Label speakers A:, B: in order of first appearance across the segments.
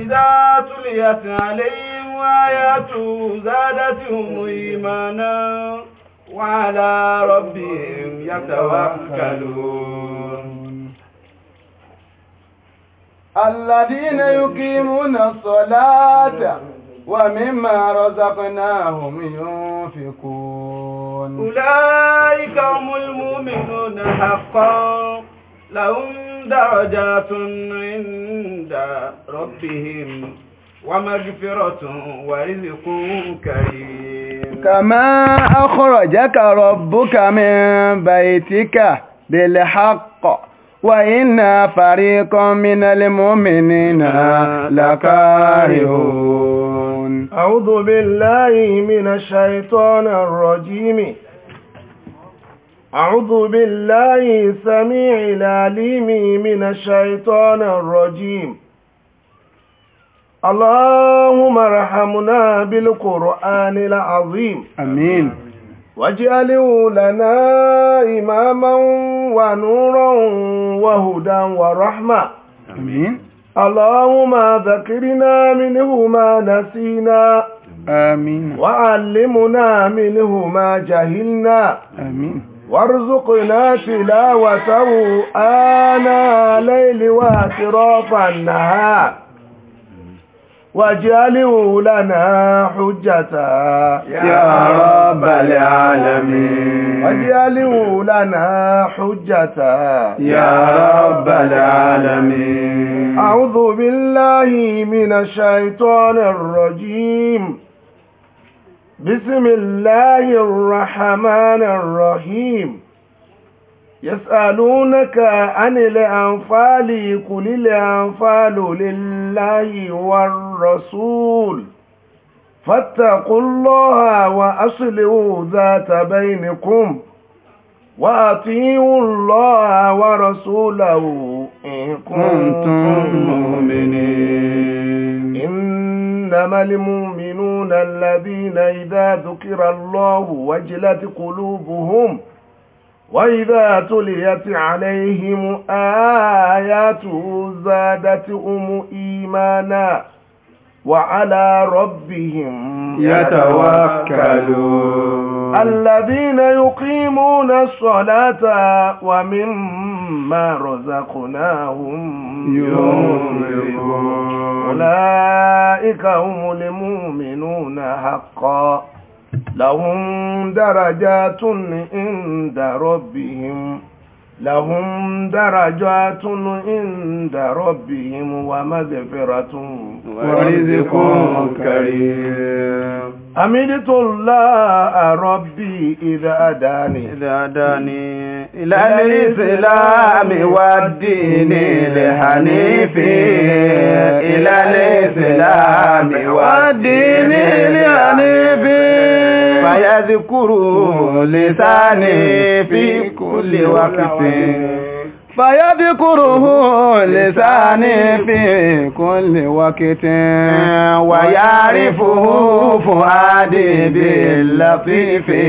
A: وإذا تليت عليهم آياته زادتهم إيمانا وعلى ربهم
B: يتوكلون
A: الذين يقيمون الصلاة ومما رزقناهم ينفقون أولئك هم المؤمنون حقا لهم درجات عند
B: ربهم ومغفرة ورزق كريم
A: كما أخرجك ربك من بيتك بالحق وإن فريق من المؤمنين لكارهون أعوذ بالله من الشيطان الرجيم أعوذ بالله السميع العليم من الشيطان الرجيم اللهم رحمنا بالقرآن العظيم أمين واجعله لنا إماما ونورا وهدى ورحمة أمين اللهم ذكرنا منه ما نسينا آمين وعلمنا منه ما جهلنا آمين وارزقنا تلاوته آناء الليل وأطراف النهار واجعله لنا حجة يا رب
B: العالمين
A: واجعله لنا حجة يا رب
B: العالمين
A: أعوذ بالله من الشيطان الرجيم بسم الله الرحمن الرحيم يسألونك عن الأنفال قل الأنفال لله والرسول فاتقوا الله وأصلوا ذات بينكم وأطيعوا الله ورسوله إن كنتم مؤمنين إنما المؤمنين المؤمنون الذين إذا ذكر الله وجلت قلوبهم وإذا تليت عليهم آياته زادتهم إيمانا وعلى ربهم يتوكلون الذين يقيمون الصلاة ومما رزقناهم
B: ينفقون
A: أولئك هم المؤمنون حقا لهم درجات عند ربهم lahum darajatun inda rabbihim wa maghfiratun
B: wa rizqun karim
A: hamiditullah rabbi idha adani idha adani ila al-islami wa dini lihanifi ila al-islami wa dini lihanifi fàyàdìkúrú lè sáàní fi kulli wákìtì fàyàdìkúrú lè sáàní fi kulli wákìtì wàyàrí fòfò àdìbì láfífì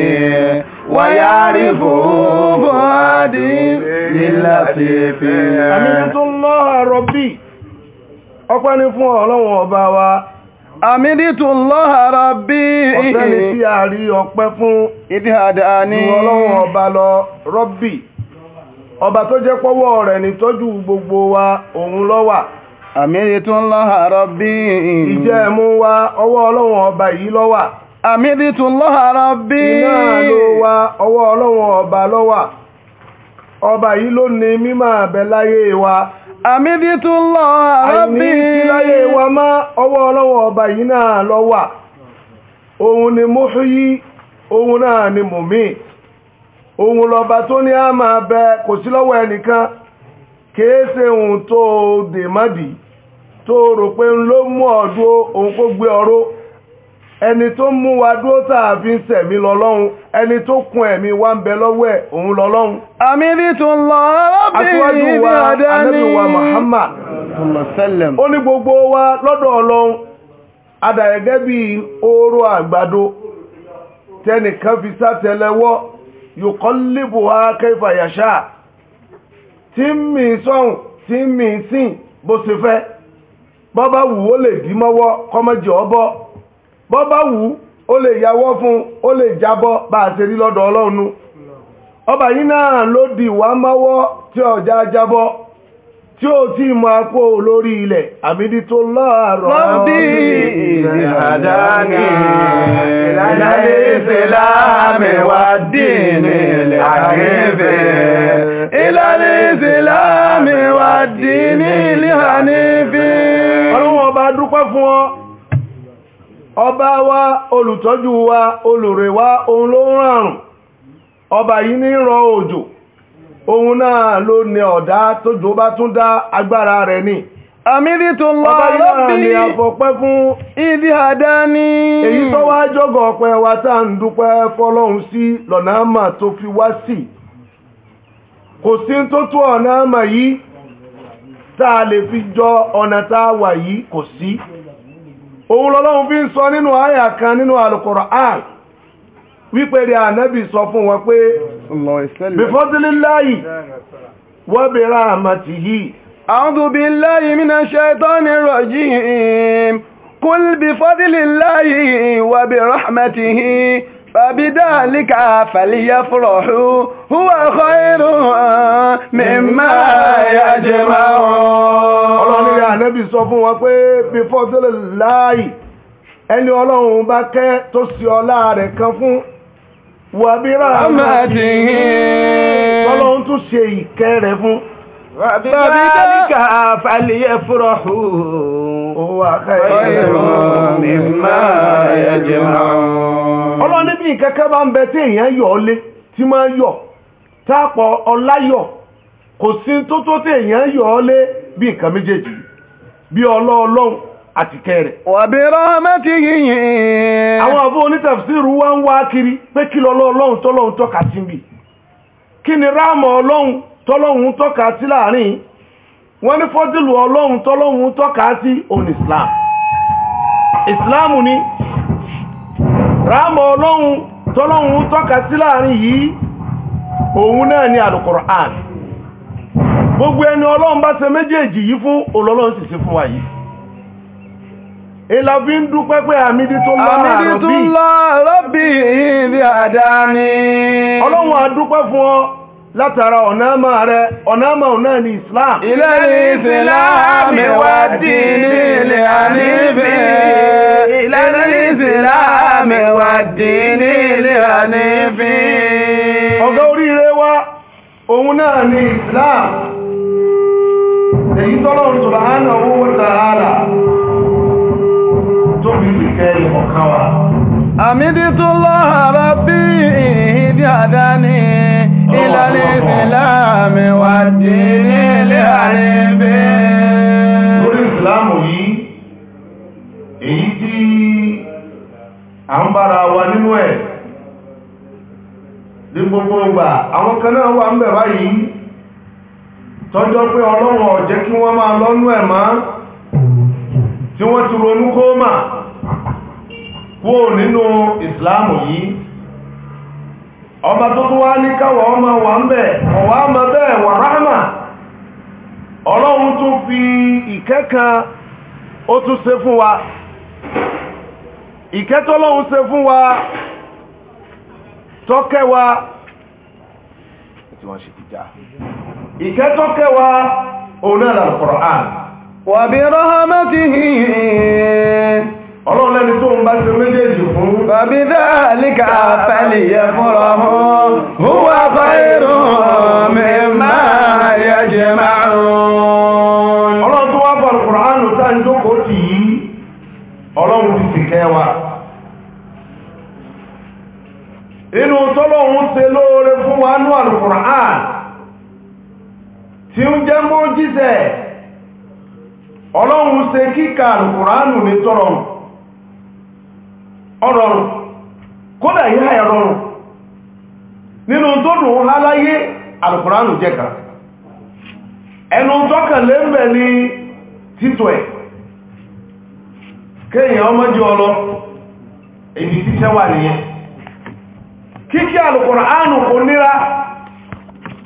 A: wàyàrí fòfò àdìbì láfífì. àmì tó lọ́ ọ̀rọ̀ bí ọpẹ́ ni fún Ọlọ́run ọba wa Àmìdìtù lọ́ha rọ̀bí ọ̀sẹ́ni tí a rí ọpẹ́ fún ìdíhàdà ní ọlọ́run ọba lọ rọ́bì. Ọba tó jẹ́ pọ́wọ́ rẹ̀ ní tọ́jú gbogbo wa òun lọ́wà. Àmìdìtù lọ́ha rọ̀bí ìjẹ́ mú wa ọwọ́ ọlọ́run ọba yìí lọ́wà. iná wa ọwọ́ ọlọ́run ọba lọ́wà. Ọba àmìdítú lọ àrábí ìláyé wa má ọwọ́ ọlọ́wọ́ ọba yìí náà lọ́wà ohun ni múhúyí ohun náà ni mùmí ohun lọba tó ní a máa bẹ kò sí lọ́wọ́ ẹnìkan kìí ohun tó dè mádìí tó rò pé ń ló mú ọdún òun kó gbé ọrọ́ ẹni tó ń mú wa dúró tààfi ń sẹ̀mí lọ́lọ́run ẹni tó kun ẹ̀mí wa ń bẹ lọ́wọ́ ẹ̀ òun lọ́lọ́run. àmì ní tún lọ bí ibi àdá ní ó ní gbogbo wa lọ́dọ̀ ọlọ́run adàgẹ́gẹ́ bíi oró àgbàdo tẹnìkan fi sátẹlẹwọ́ yòókọ́lébù wa kẹfà yàṣà tí ń mì sọ́hùn tí ń mì sìn bó ṣe fẹ́ bọ́bá lè dí mọ́wọ́ bọ́ bá wù ó lè yàwọ́ fún ó lè jábọ́ bá ṣe rí lọ́dọ̀ ọlọ́run ọba yìí náà ló di ìwà máwọ́ tí ọjà jábọ́ tí ó tí mọ́ apó olórí ilẹ̀ àmìdí tó láàrọ̀ rọ́bí ìrìnàdáni ìlàlẹ́fẹ́ láàmẹ́wàá dìní ilẹ̀ àrífẹ́ ìlàlẹ́fẹ́ láàmẹ́wàá dìní fún ọ ọba wa olùtọ́jú wa olùrè wa òun ló ń ràrùn ọba yìí ní rọ òjò òun náà ló ní ọ̀dá tójò bá tún dá agbára rẹ̀ ni àmìrí tó lọ lọ́bí ní àfọ̀pẹ́ fún ìdí àdá èyí tó wá jọ́gọ̀ ọ̀pẹ́ wa tá ń dúpẹ́ fọ́lọ́hun sí lọ́nà àmà tó fi wá sí kò sí tó tó ọ̀nà àmà yìí tá a lè fi jọ ọ̀nà tá wà yìí kò sí òun lọ́lọ́run fi ń sọ nínú àyà kan nínú Al-Qur'an wípé rí ànábì sọ fún wọn pé bifadlillahi wa birahmatihi a'udhu billahi minash shaitani rajim qul bifadlillahi wa birahmatihi فبذلك فليفرحوا هو خير مما يجمعون ọlọ́run ni ànábì sọ fún wọn pé bí fọ́sílẹ̀ láàyì ẹni ọlọ́run bá kẹ́ tó sí ọlá rẹ̀ kan fún wàbíràn ọlọ́run tún ṣe ìkẹ́ rẹ̀ fún وبذلك فليفرحوا هو خير مما يجمعون ọlọ́run níbi ìkẹ́kẹ́ bá ń bẹ tí èèyàn yọ̀ tí máa yọ̀ tápọ̀ ọláyọ̀ kò sí tó tó tí èèyàn yọ̀ bí àti yìí àwọn àbúrò wá ń wá kiri pé kí tọ́lọ́run tọ́ka sí kí ni ráàmù ọlọ́run tọ́lọ́hun tọ́ka sí láàrin wọ́n ní fọ́dílù ọlọ́hun tọ́lọ́hun tọ́ka sí òun islam islam ni ráàmọ̀ ọlọ́hun tọ́lọ́hun tọ́ka sí láàrin yìí òun náà ni alukur'an gbogbo ẹni ọlọ́hun bá ṣe méjèèjì yìí fún olọ́lọ́hun sì ṣe fún wa yìí ìlàfí ń dúpẹ́ pé àmìdítúnlá rọ́bì ìdí àdáni ọlọ́hun a dúpẹ́ fún ọ látara ọ̀nàmà rẹ̀ ọ̀nàmà ọ̀nà ní islam ilẹ̀ ìsìláàmì wà dí nílẹ̀ àníbì ilẹ̀ ìsìláàmì wà dí nílẹ̀ àníbì ọ̀gá oríire wá òun náà ní islam èyí tọ́lọ̀ subhanahu wa ta'ala tó bí ìkẹ́ ìmọ̀káwà àmìdítúlọ́ àrábí ìhìdí àdáni إلى a ń bára àwọn kan náà wà ń bẹ̀ báyìí tọ́jọ́ pé ọlọ́wọ̀ jẹ́ kí wọ́n máa lọ́nú ẹ̀ máa tí wọ́n ti ronú kó kúrò ọba tó tó wá ní káwọ̀ ọmọ wà ń bẹ̀ ọwà ọmọ bẹ́ẹ̀ wà ráhàmà ọlọ́run tó fi ìkẹ́kà ó tún ṣe fún wa ìkẹ́tọ́lọ́run ṣe fún wa tọ́kẹ́wa ìkẹ́tọ́kẹ́wa òun náà lọ́pọ̀rọ̀ ààrùn wà ráhàmà ti hìí ọlọ́run tó ń bá ṣe méjèèjì fún. bàbí dáàlíkà fẹ́lìyẹ fúnra hún húwà fáìrùn mímá yẹjẹ márùn-ún. ọlọ́run tó wá bọ̀rọ̀ kùránù táà ọlọ́run ti sì kẹwàá. inú tọ́lọ́run ṣe lóore fún wa tí jẹ́ mọ́ jíṣẹ́ ọlọ́run ṣe kíkà ní ọ̀rọ̀rùn kódà yá ẹ̀rọrùn nínú tó dùn láláyé alùkùránù jẹ́ka ẹnu tọ́kànlẹ́ mẹ́ ní títò ẹ̀ kéèyàn ọmọ jẹ́ ọlọ èyí títẹ́ wà nìyẹn kíkí alùkùránù kò níra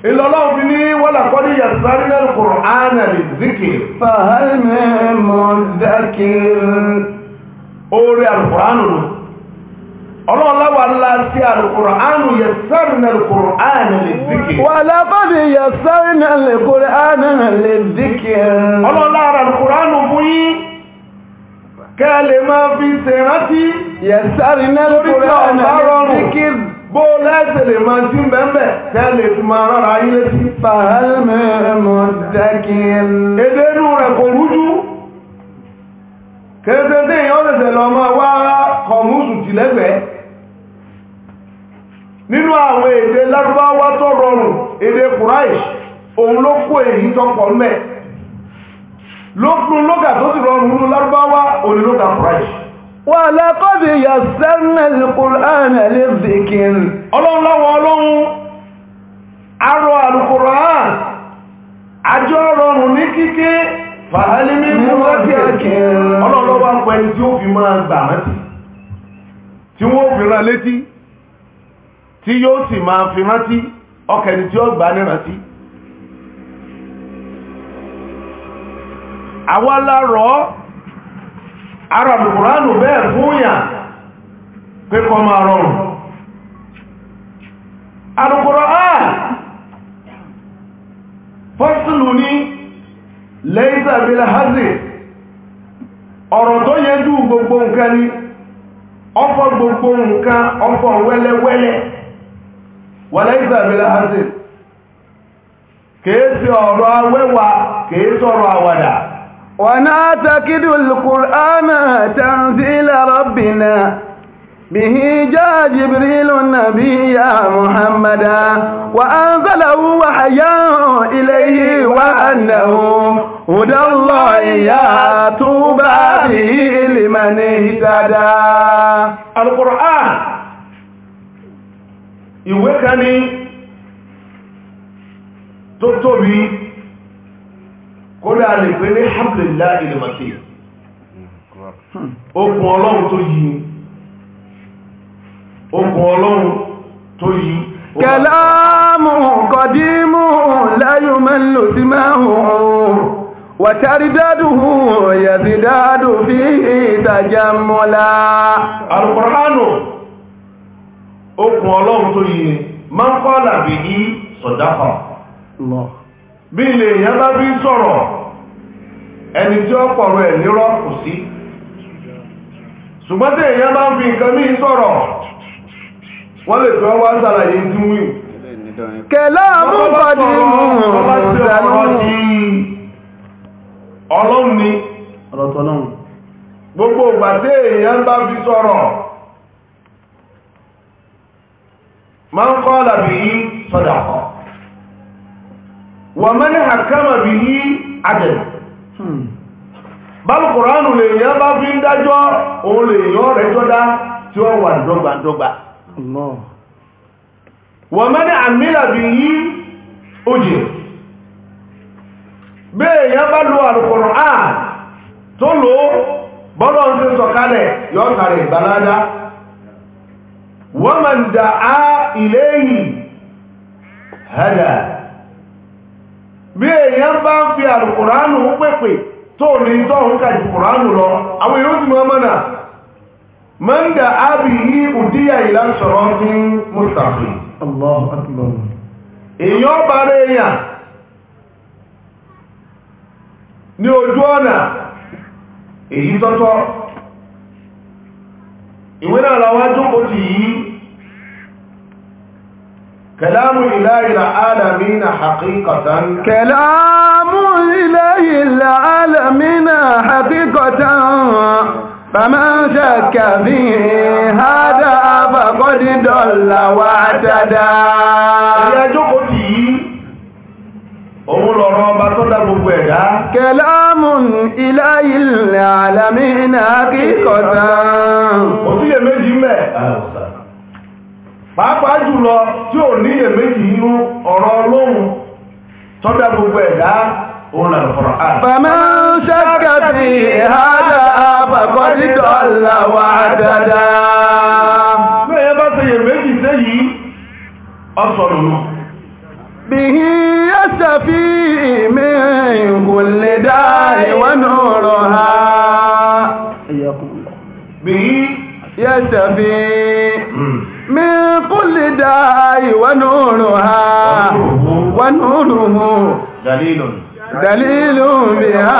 A: ìlọ́lọ́wọ́ bí ní wọ́lá kọ́lí yàtàrí lẹ́nu kùránà lè zíkì fàhálì mẹ́ mọ́ orí alùkùránù nù ọlọ́ọ̀láwà ńlá sí alùkùránù yẹ̀sẹ́rìnà alùkùránù lè zikiri wà lábọ́dì yẹ̀sẹ́rìnà alùkùránù lè zikiri ọlọ́ọ̀lára alùkùránù fún yí kẹ́lẹ̀ máa fi ṣèrántí yẹ̀sẹ́rìnà alùkùránù lè zikiri bó lẹ́sẹ̀ lè máa jí mẹ́mẹ́ tẹ́lẹ̀ tí máa rárá ayé sí fàhálmẹ́mọ́ dẹ́kiri edénú rẹ̀ kò rújú kẹ́sẹ̀ tí èèyàn lẹ́sẹ̀ lọ máa wá nínú àwọn èdè lárúbáwá tó rọrùn èdè kùráìṣ òun ló kó èyí tó pọ̀ mẹ́ lókun lókà tó sì rọrùn nínú lárúbáwá òun lókà kùráìṣ wà lákọ́bí yà sẹ́nẹ̀lì kùránà lè zèkìn ọlọ́run ọlọ́run arọ ọlọ́lọ́wọ́ ń pẹ́ni tí ó fi máa gbà tí wọ́n fi tí yóò sì máa fi rántí ọkẹni tí ó gbà ní rántí àwọn bẹ́ẹ̀ fúnyà pé kọ máa rọrùn fọ́sílù ní lẹ́yìn àbílẹ̀ ọ̀rọ̀ tó yẹjú gbogbo nǹkan ni ọfọ́ gbogbo nǹkan wẹ́lẹ́wẹ́lẹ́ wọ̀lẹ́gbà mílásì kèésì ọ̀rọ̀ awẹ́wà kèésì ọ̀rọ̀ àwàdà wọ̀nà àtàkìdù al-Qur'ana tanzila rabbina bihi jaa jibrilu nabiyya muhammada wa anzalahu wahyan ilayhi wa annahu hudallahi yatuba bihi liman ihtada al-Qur'an ìwé kan ní tó tóbi kódà lè pé ní hamlilá ìlúmọ̀tí hmm. okùn ọlọ́run tó yí okùn ọlọ́run tó yí kẹláàmù kọdímù láyùn mẹ́lò sí mẹ́hùn wàtàrídádùhù yẹ̀sìdádù fi ìtàjàmọ́lá alùkùránù okùn ọlọ́run tó yìí máa ń kọ́ làbí í sọ̀dáfà bí ilé èèyàn bá bí sọ̀rọ̀ ẹni tí ó pọ̀rọ̀ ẹ̀ kò sí ṣùgbọ́n tí èèyàn bá ń fi nǹkan ní sọ̀rọ̀ wọ́n lè fẹ́ wá sàlàyé tí wí ni gbogbo ìgbà tí èèyàn bá من قال به صدقة ومن حكم به عدل báwọn kòránù lè yẹ́ bá fi ń dájọ́ òun lè yọ́ rẹ̀ tó dá tí ó wà dọ́gbàdọ́gbà wọ́n mẹ́rin àmìlà bí yí ojì bí èyàn bá lo àrùkọ̀rọ̀ àà tó ìléyìn hẹ́dà bí èèyàn bá ń fi àlùkùránù ń pèpè tó ní tọ́hún ka àlùkùránù lọ àwọn èèyàn ti mọ́ na mọ́ndà ábì yí òdíyà ìlànà ní mustapha ìwé náà kò كلام إله العالمين حقيقة كلام إله العالمين حقيقة فمن شك فيه هذا فقد ضل واعتدى ẹjọ́kò tí yí òun lọ̀rọ̀ ọba tó dá gbogbo ẹ̀dá كلام إله العالمين حقيقة pàápàá jùlọ tí ò ní èméjì nínú ọ̀rọ̀ ọlọ́run tọ́jà gbogbo ẹ̀dá òun là lọ́rọ̀ àná. bàmá ń ṣẹ́kà sí ìhádà àbàkọ́ dídọ̀ làwà dáadáa. bá ونورها ونوره دليل دليل بها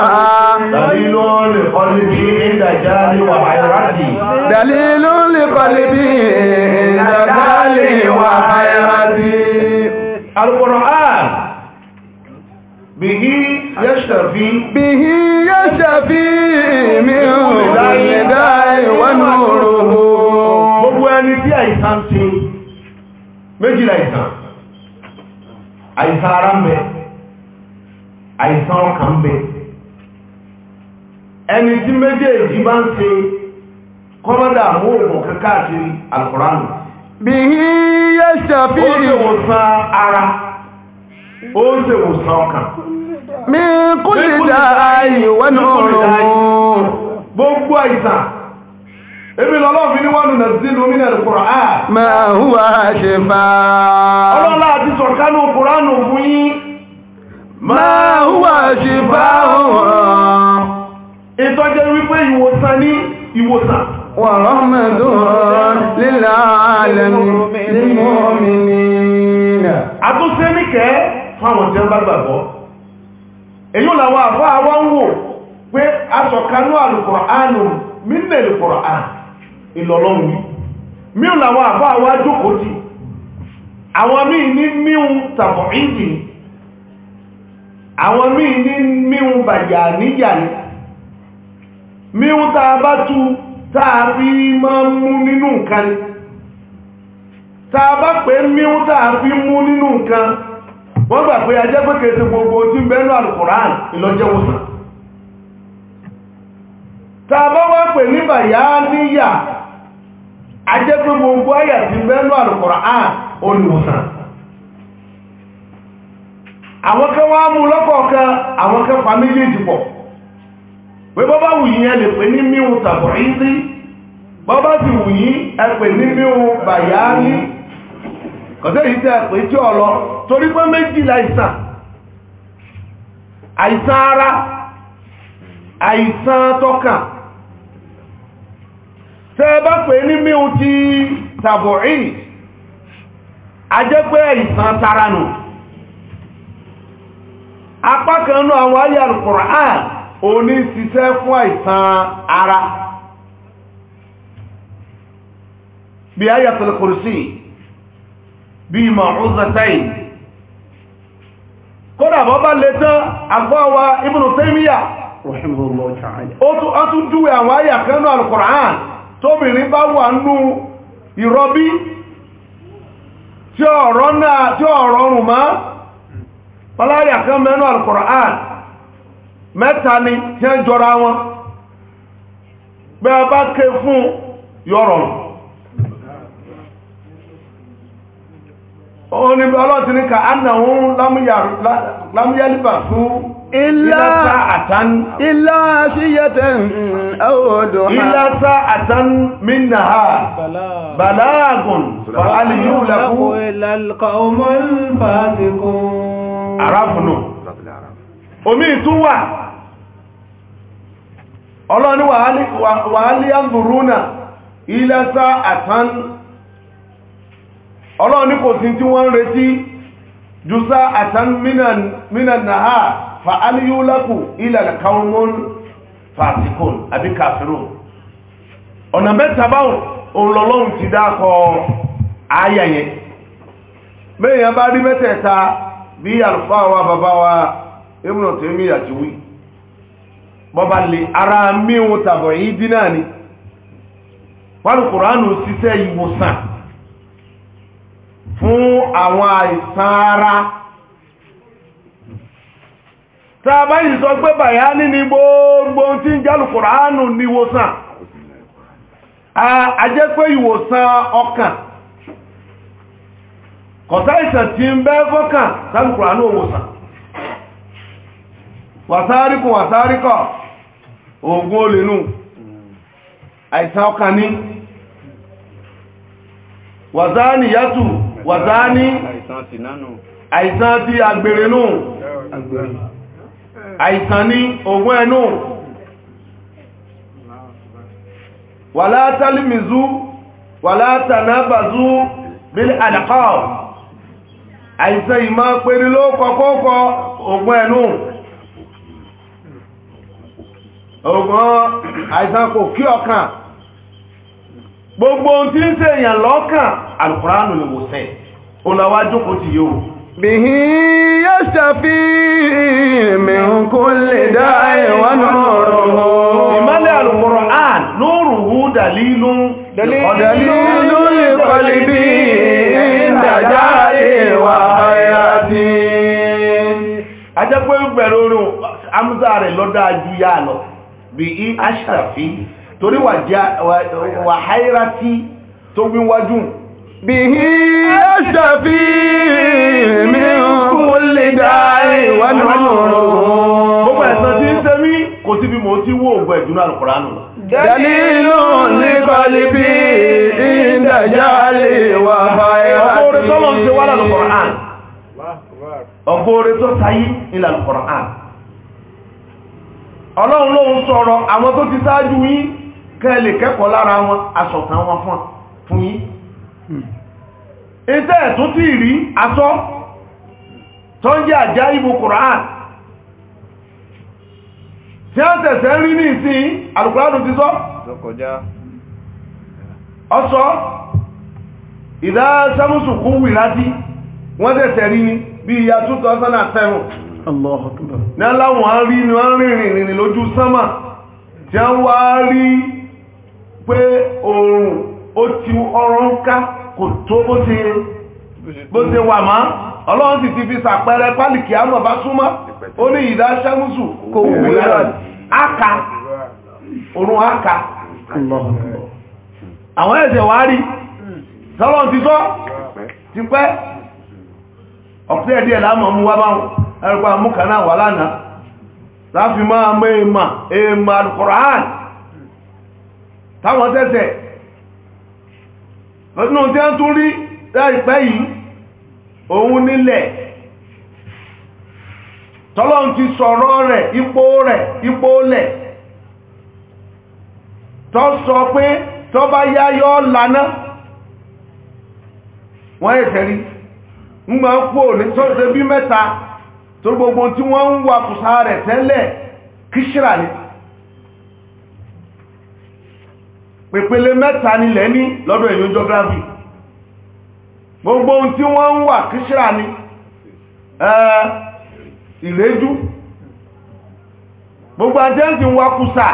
A: دليل لقلبي عند جالي وحيرتي دليل لقلبي عند جالي وحيرتي القرآن به يشتفي به يشتفي من نداء ونوره gbogbo ẹni tí àìsàn ti méjìlá àìsàn àìsàn ara ń bẹ àìsàn ọkàn ń bẹ ẹni tí méjèèjì bá ń ṣe kọ́mọ́dà mú òògùn kankáàkiri alukùránù bí i yẹ́ ṣàfí ìwòsàn ara ó ń ṣe
B: ìwòsàn ọkàn
A: mi kúlì dáa ìwọ́n náà gbogbo àìsàn Ebi lọ́lọ́ fi ní wọ́n nà sí lómi nà Kùrán. Máa hùwà ṣe fà. Ọlọ́lá àti sọ̀kánú Kùránù fún yín. Máa hùwà ṣe fà wọ́n. Ìtọ́jẹ́ wípé ìwòsàn ní ìwòsàn. Wa rahmatun lil alamin. Àtúnṣe níkẹ́ fáwọn jẹ́ bá gbàgbọ́. Èyí làwọn àfọ́ àwọn ń wò pé aṣọ̀kánú àlùkùránù mí nà Kùrán ìlọ́lọ́run wí míhùn làwọn àbá wa jókòó tì àwọn míì ní míhùn tàbọ̀ ìdì àwọn míì ní míhùn bàyà níyà ní míhùn tá a bá tú tá a fi máa mú nínú nǹkan ni tá a bá pé míhùn tá a fi mú nínú nǹkan wọ́n gbà pé ajẹ́ pé kèsì gbogbo wá pè ní bàyá níyà ajẹ́ pé gbogbo ayà ti mẹ́nu Al-Qur'an olùwòsàn àwọn kan wá mú lọ́kọ̀ọ̀kan àwọn kan pa méjèèjì pọ̀ pé bọ́bá wùyí ẹ lè pè ní baba tàbùrí sí bọ́bá sì wùyí ẹ pè ní míhun bàyá ní kọ̀tẹ́ yìí tẹ́ pé tí ọ̀lọ́ torí pé méjìlá àìsàn àìsàn ara àìsàn tọ́kàn tẹ́ bá pè ní míhun ti tàbùrí a tara nù apá ayé Al-Qur'an ní ṣiṣẹ́ fún àìsàn ara bí Ayatul Kursi bí Ma'uzatayn kódà bọ́ bá lè tán àgbọ́wà Ibn Taymiyyah ó otu dúwẹ̀ àwọn ayé Al-Qur'an tóbìnrin bá wà nú ìrọbí tí ọ̀rọ̀ náà tí ọ̀rọ̀ rùn má pàlárí àkán mẹ́nu Al-Qur'an mẹ́ta ni tí jọra wọn bá ké fún òun ni ọlọ́tí ní ka annahun lámúyálìbà fún ìlàsá àtán ìlàsíyẹtẹ̀n àwòdò ha ìlàsá àtán minna ha balagun fa'aliyu lafu ìlàlkọ̀ọ́mọ́l fàtíkún aráfúnnù omi ìtún wà ọlọ́ni wà á lè yàndùrúnà ìlàsá àtán ọlọ́run kò sí tí wọ́n ń retí jùsá àtàn mínànáà fa aliyúlákù ilẹ̀ kaumun fasikun àbí kafirun ọ̀nà mẹ́ta báwọn olọ́lọ́run ti dákọ ayẹyẹ mẹ́yàn bá rí mẹ́tẹ̀ẹ̀ta bí àlùfáà bàbá wa ibùnà tó wí bọ́bá lè ara míhun tàbọ̀ yìí dínà ni wọ́n kùránù fún àwọn àìsàn ara tàbá ìsọ pé bàyá níní gbogbo tí ń jálù kòránù ní ìwòsàn a jẹ́ pé ìwòsàn ọkàn kọ̀tá ìsàn tí ń bẹ́ fọ́kàn jálù kòránù òwòsàn wàsáríkùn wàsáríkọ̀ oògùn olènú àìsàn ọkàn ní wàzáníyàtù wàtání àìsàn ti agbèrè nù àìsàn ní ògùn ẹnu wàlá tálímìzú wàlá tànábàzú bíl àdàkọ́ àìsàn ìmá pèrè ló kọkọ́kọ́ ògùn ẹnu ògùn àìsàn kò kí ọkàn gbogbo ohun tí ń ṣe èèyàn lọ́kàn alùkùránù ni wò sẹ́ olàwájú kò ti yóò bìí yóò ṣàfí mẹ́rin kó lè dá ẹ̀wà náà ìmọ́lẹ̀ ajẹ́pẹ́ gbẹ̀rẹ̀ orin amúzà rẹ̀ lọ́dá ju yá lọ bìí aṣàfí torí wà háírá tí tó gbí wájú bí i ẹ́ṣàfí mi kú lè dáì wà ní ọ̀rọ̀ gbogbo ẹ̀sán tí ń tẹ́mí kò sí bí mo ti wó ògbẹ̀ ìdúnà alùkùránù dalilu ní kọlibí ìdájálè wà háírá tí ọgbọ́n tó lọ sí wà lálùkùránù ọgbọ́n tó sáyé ní lálùkùránù ọlọ́run lóhun sọ̀rọ̀ àwọn tó ti sáájú yín kẹ́ lè kẹ́kọ̀ọ́ lára wọn asọ̀tàn wọn fún fún yín ẹ̀tẹ́ hmm. ẹ̀ tó tí rí asọ́ tó ń jẹ́ àjá ibò Kùrán tí a tẹ̀sẹ̀ rí ní ìsìn alùkùránù ti sọ́ ọsọ́ ìdá sámúsù kún wìrá tí wọ́n tẹ̀sẹ̀ rí ní bí ìyá 2007 ní aláwọ̀n rí ní wá rí pé òòrùn ó ti ọrọ̀ ń ká kò tó bó wà ọlọ́run sì ti fi sàpẹrẹ pálìkì àmọ̀ bá súnmọ́ ó ní ìdá ṣẹ́mùsù kò wù lẹ́rọ̀ áka òrùn áka àwọn ẹ̀sẹ̀ wá rí ti sọ́ ti pẹ́ ọ̀pẹ́ ẹ̀dí láàmọ̀ mú wá báwọn wà lánàá láfi táwọn tẹ́sẹ̀ nínú tí a tún rí láìpẹ́ yìí òun nílẹ̀ tọ́lọ́n ti sọ̀rọ̀ rẹ̀ ipò rẹ̀ ipò lẹ̀ tọ́ sọ pé tọ́ bá yá lana wọ́n ẹ̀sẹ̀ rí ń gbà pò ní mẹ́ta tó gbogbo tí wọ́n ń wà kùsà rẹ̀ tẹ́lẹ̀ pèpele mẹ́ta nílẹ̀ ní lọ́dọ̀ èyí geography gbogbo ohun tí wọ́n ń wà kíṣíra ni ìrẹ́jú gbogbo àjẹ́sì ń wá kùsà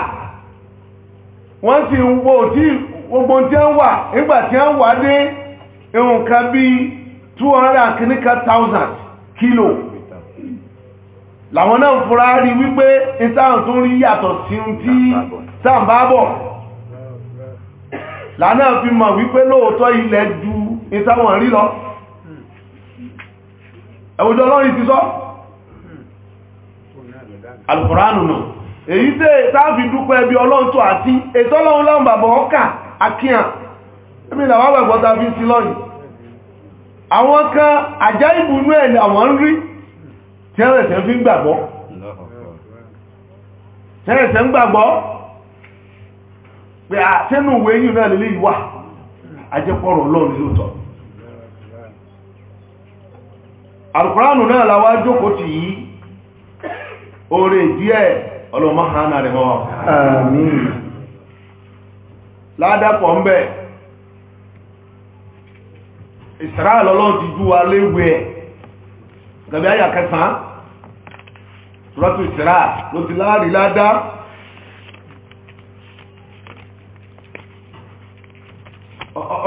A: wọ́n sì ń wo tí gbogbo tí ń wà nígbà ń wà dé nǹkan bí 200,000 kilo làwọn náà fura rí wípé ìtàn tó rí yàtọ̀ sí tí sàmbábọ̀ lànà fi mọ̀ wípé lóòótọ́ ilẹ̀ ju ìtàwọn rí lọ ẹ̀wùjọ lọ́rin ti sọ alùkùránù náà èyí tẹ́ tàbí dúpẹ́ ẹbí ọlọ́ntọ́ àti ètò ọlọ́run láwọn bàbá ọkà akíyàn ẹbí ìlàwà gbẹ̀gbọ́ta fi sí lọ́yìn àwọn kan àjá ìbùnú ẹ̀ ni àwọn ń rí tẹ́rẹ̀tẹ́ fi gbàgbọ́ pé àtẹ́nù ah, ìwé yìí náà lélẹ́ ìwà ajẹ́pọ̀rọ̀ lọ́nà lóòtọ́ alukùránù náà làwá jókòó tì yí oore díẹ̀ ọlọ́mọ́hánà rẹ̀ mọ́ àmín ń bẹ̀ ìsìrá ti jú wa léwé ẹ̀ gàbí àyà rọ́tù ló ti láàrí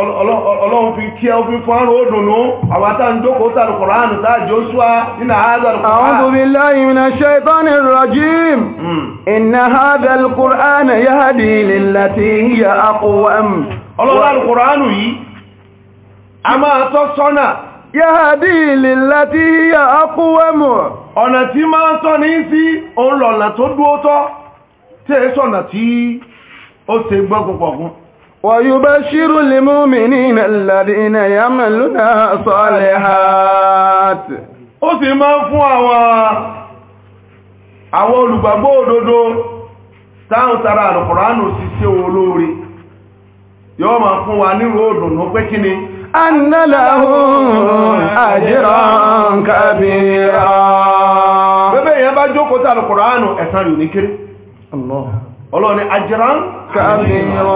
A: ọlọ́run fi kí ẹ fi fún àrùn òdùnú àwátá ń jókòó tàbí kòránù tàà jóṣúà nínú àádọ́rùn kòránù. A'udhu billahi minash shaytanir rajim. Hmm. Inna hadhal Qur'ana yahdi lillati hiya aqwam. Ọlọ́run kòránù yìí, a máa tọ́ sọ́nà. Yahdi lillati hiya aqwam. Ọ̀nà tí máa tọ́ ní sí òun lọ̀nà tó dúó tọ́, sọ̀nà tí ó ṣe gbọ́gbọ̀gbọ̀gbọ̀gbọ̀. ويبشر المؤمنين الذين يعملون الصالحات ó sì máa ń fún àwọn àwọn olùgbàgbọ́ òdodo táwọn tara àlùkùránù ṣiṣẹ́ olóore yóò máa fún wa nírò òdùnnú pé kí ni annalahun ajran kabira bẹ́bẹ̀ èèyàn bá jókòó tàbí àlùkùránù ẹ̀san rẹ̀ ò ní Allah ọlọ́ni ajran kabira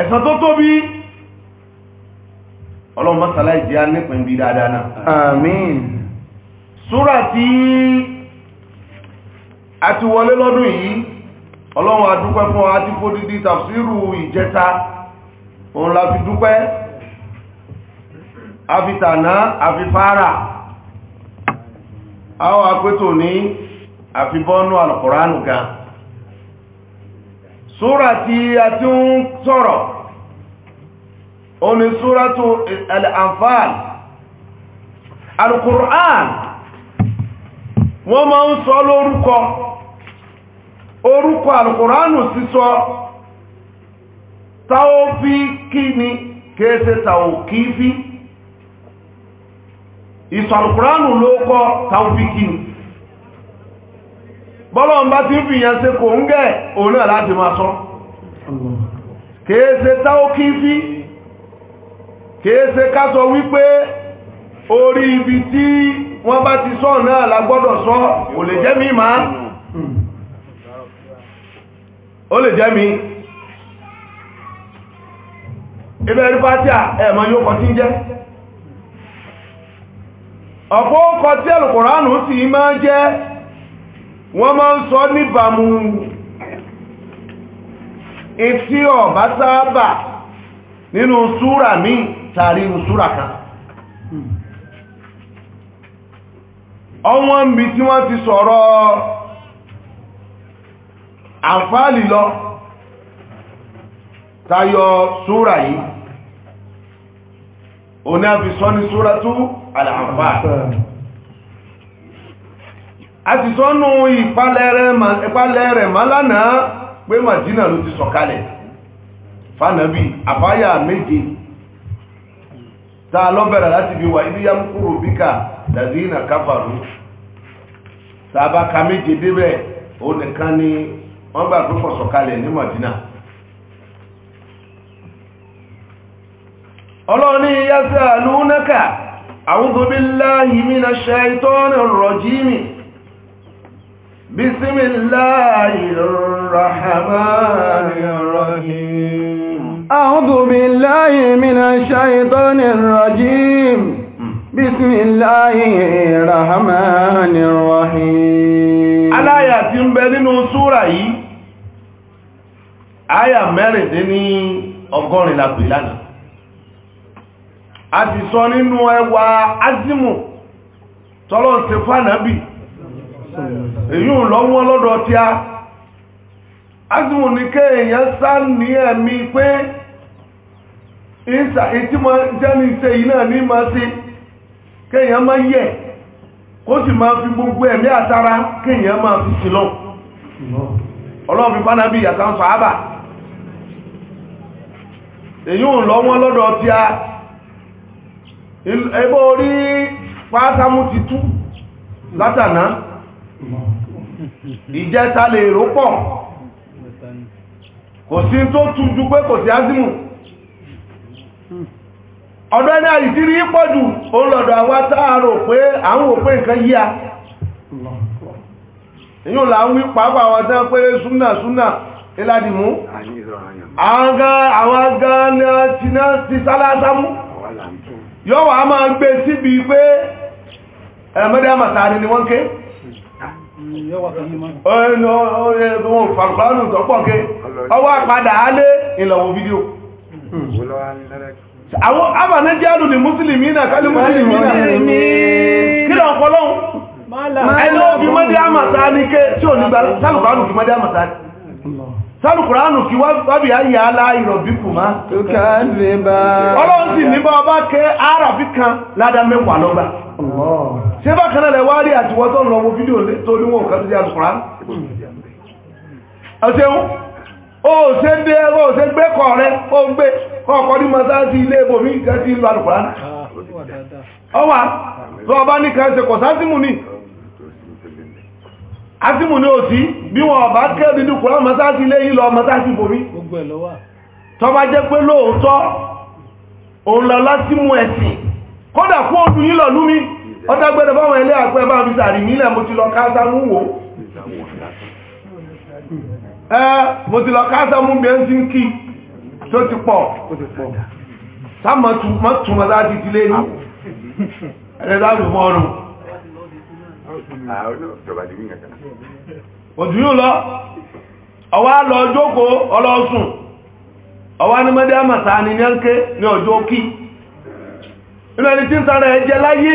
A: ẹ̀san tó tóbi ọlọ́run mọ́sàlá ìjẹ́ nípin bí dáadáa náà àmín súrà tí a ti wọlé lọ́dún yìí ọlọ́run adúpẹ́ fún a ti fódídí tàfsírù ìjẹta òun la fi dúpẹ́ afitàná afifára àwọn àpétò ní àfibọ́nú alùkùránù ga súra tí a ti ń sọ̀rọ̀ o ni súra tó al'amfàl alùkùrán wọ́n máa ń sọ lórúkọ orúkọ alùkùránù sísọ tàófí kí ni kéèsẹ̀ tàókí fi ìsọ̀lùkùránù ló kọ tàófí kí bọ́lọ́n bá ti ń fi yàn kò ń gẹ̀ òun náà láti máa sọ kèése táó kí sí kèése ká sọ wípé orí ibi tí wọ́n bá ti sọ náà la sọ ò lè jẹ́ mi ó lè je mi ibẹ̀ rí fátíà ẹ̀mọ yóò tí ń jẹ́ ọ̀pọ̀ tí sì máa jẹ́ wọ́n máa ń sọ níbàmú etí ọ̀bá sáábà nínú súrà ní tàrí súrà kan ọwọ́n mi tí wọ́n ti sọ̀rọ̀ àǹfààlì lọ tayọ súrà yìí ní a fi sọ ní súrà tú àlàǹfààlì a ti sọ́nù ìpalẹ̀ rẹ̀ má lánàá pé Màdínà ló ti sọ̀kalẹ̀ fánàbí àfáyà méje tàà lọ́bẹ̀rẹ̀ láti bí wà ibi ya ń kúrò bíkà dàzínà káfàrú tàbá ka méje débẹ̀ ó nìkan ni wọ́n gbà tó pọ̀ ní Màdínà ọlọ́ni yásẹ̀ alúnákà a'udhu billahi minash shaitonir rajim بسم الله
B: الرحمن الرحيم
A: أعوذ بالله من الشيطان الرجيم بسم الله الرحمن الرحيم aláyà tí ń bẹ nínú súra yìí àyà mẹ́rìndín ní ọgọ́rin la èyí ò lọ́wọ́ lọ́dọ̀ tí a azùn ní ké èèyàn sá ní ẹ̀mí pé ìsà ìtí jẹ́ni yìí náà ní ma ṣe kéèyàn má yẹ̀ kó sì máa fi gbogbo ẹ̀mí àtara kéèyàn máa fi sí lọ ọlọ́ọ̀fi aba àtàwọn sàábà èyí ò lọ́wọ́ lọ́dọ̀ tí a ẹgbọ́ orí pátámú ti tú ìjẹta lè rò pọ̀ kò sí tó tún pé kò sí azimu ọ̀dọ́ ní àìsírí pọ̀jù ó lọ́dọ̀ àwọn táàrò pé àwọn òpé nǹkan yíya èyàn là ń wí pàápàá àwọn tán pé súnà súnà ìlàdìmú àwọn gan ti náà ti sálásámú yọ́wà a máa gbé síbi pé àmàtàrí ni wọ́n ẹni ọ̀rẹ́ ẹ̀dùn fàkùránù tọ́pọ̀ ké ọwọ́ padà alé ìlọ̀wọ̀ fídíò àwọn abànájẹ́rù ni mùsùlùmí náà kálí mùsùlùmí náà kí lọ ọ̀pọ̀lọ́hun ẹni ó fi mọ́dí àmàtà ní ké tí ò ní gbà sálùkánù fi mọ́dí àmàtà ní sálùkùránù kí wábí ayé alá ìrọ̀bíkù má ọlọ́run sì ní bá ọba kẹ́ àràbí kan ládá mẹ́wàá lọ́gbà ṣe bá kanáà wá rí àti wọ́tọ́ lọ wo fídíò tó ní wọn kàtí àtùkùránù ọ̀ṣẹ́un ó ṣe dé ó ṣe gbé kọ̀ rẹ ó gbé kọ́ọ̀kọ́ ní masáàtì ilé ibòmí ìjẹ́ sí ìlú àtùkùránù ọwà tó ọba ní kan ṣe kọ̀sátìmù ní ásìmù ni osi bí wọn bá kẹ́ẹ̀dì ní kùrán mọ́sáàsì lẹ́yìn lọ mọ́sáàsì borí tó bá jẹ́ pé lóòótọ́ òun lọ ẹ̀sìn kódà fún ojú yí lọ lúmi ọdágbẹ́dẹ̀ báwọn ilé àpẹ́ bá fi nílẹ̀ mo ti lọ wò mo ti lọ sí kí tó ti pọ̀ mọ́tù mọ́sáàsì ti òjò ah, lọ ọwa lọ ọlọ́sùn ọwá ọwa n'ime àmàta ni ní ọ́nkẹ́ ní ọjọ́ kí inú ẹni tí ń láyé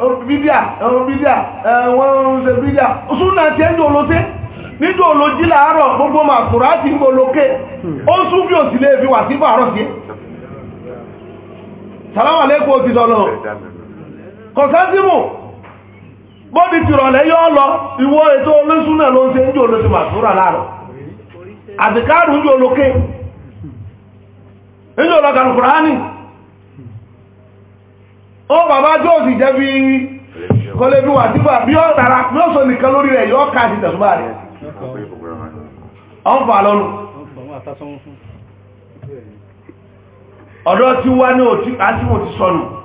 A: ni bídíà wọ́n ń ṣe bídíà oṣù náà ti ẹjọ́ olóṣẹ́ níjọ́ olójí láàárọ̀ gbogbo kọ̀sántímù bóbi tìrọ̀lẹ́ yọ́ lọ ìwọ ètò olóṣùnà ló ń ṣe ń jò lóṣù màṣúrà láàrọ̀ àbìkárù ń jò lókè ń jò ó bàbá jọ́ òsì jẹ́ bí kọlẹ́bí wà bí ó tàrà bí ó sọ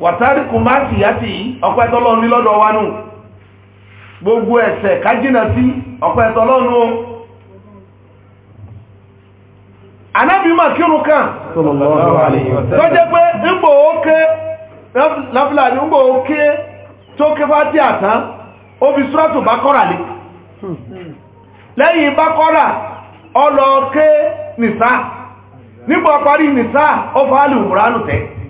A: wàtàrí kò má sì yá sí ọpẹ́ lọ́dọ̀ wa nù gbogbo ẹ̀ṣẹ̀ kájínà sí ọpẹ́ tọ́lọ́run o anábì máa kan tó jẹ́ pé ńgbò ókè láfílà ní ńgbò tó ké fátí àtán ó fi súrátù bá kọ́rà lé lẹ́yìn bá kọ́rà nìsá parí nìsá ó tẹ́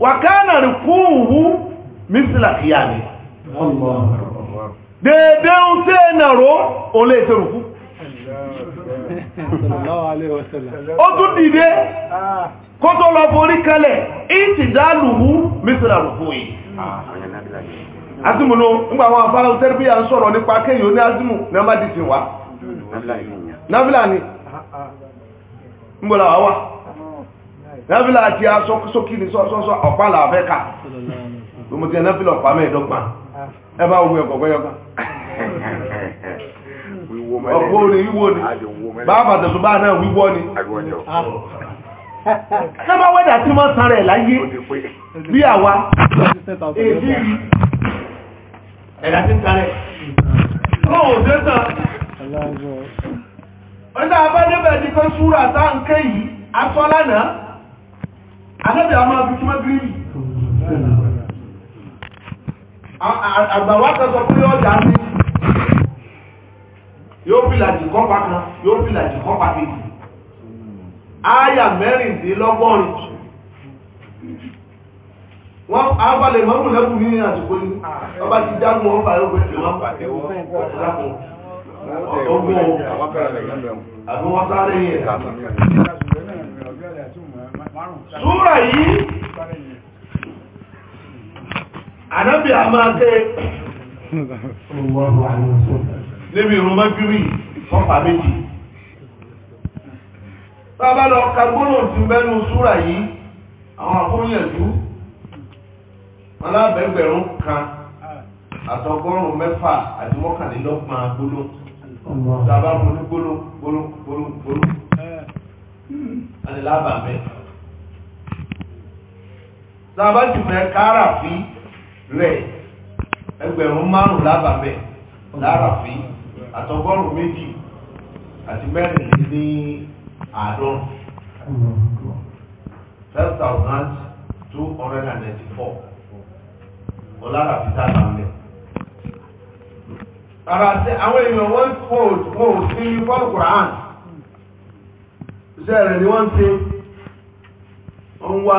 A: wakana rikuru misilar ya ne daidaiwu te naro onye te ruku
B: o duk dide
A: kotu olabo ni kalẹ in si daluru misilar huyi azimunu mgbawa fara uterbi ya n soro nipake yi o ni azimu na mba jitinwa? na vilani ngolawa wa nẹ́fìlà àti aṣọ sókè ní sọ́sọ́sọ́ ọ̀pálà àfẹ́kà ló mọ̀ tí ẹ nẹ́fìlà ọ̀pá ẹ bá wo ẹ̀kọ̀ ọ̀pọ̀ ni wíwọ́ ni bàbá bá náà wíwọ́ ni
B: ṣẹ́bá wẹ́dà tí
A: wọ́n san rẹ̀ láyé bí àwa èdè ẹ̀dà tí ń san rẹ̀ lọ́wọ́ òṣèṣàn ọ̀dá abẹ́dẹ́bẹ̀ẹ́ ti fẹ́ yìí anábì àwọn abúkúmọ́ gírí àgbàwà sọ pé ọjà ní yóò fìlàjì kọ́pá kan yóò fìlàjì kọ́pá kejì áyà mẹ́rìndínlọ́gọ́rin wọ́n abalẹ̀ mọ́rún lẹ́kùn ní àsìkò ní ọba ti dágún ọba yóò gbé ìwọ́n pàtẹ́wọ́ ọgbọ́n ọgbọ́n àbúwọ́sáré yẹn
B: súrà yìí
A: ànábì a máa tẹ́ níbi ìrùmọ́ gírí fọ́pà méjì bàbá lọ kagbónà ti mẹ́nu súrà yìí àwọn àkóyànjú alábẹ̀gbẹ̀rún kan àtọgọ́rùn-ún mẹ́fà àti mọ́kànlélọ́gbọ̀n gbóló tàbá mú ní gbóló gbóló gbóló gbóló àti lábàá mẹ́fà sábà ti fẹ́ kára fi rẹ̀ ẹgbẹ̀rún márùn-ún lábàbẹ̀ lára fi àtọgọ́rùn méjì àti mẹ́rin ní àádọ́rùn-ún twelve thousand two hundred and ninety-four ọlára fi sábà ń bẹ̀. ara ṣe àwọn èèyàn wọ́n kò kò sí fọ́ọ̀kùrọ̀ hàn iṣẹ́ rẹ̀ ni wọ́n ṣe ń wá.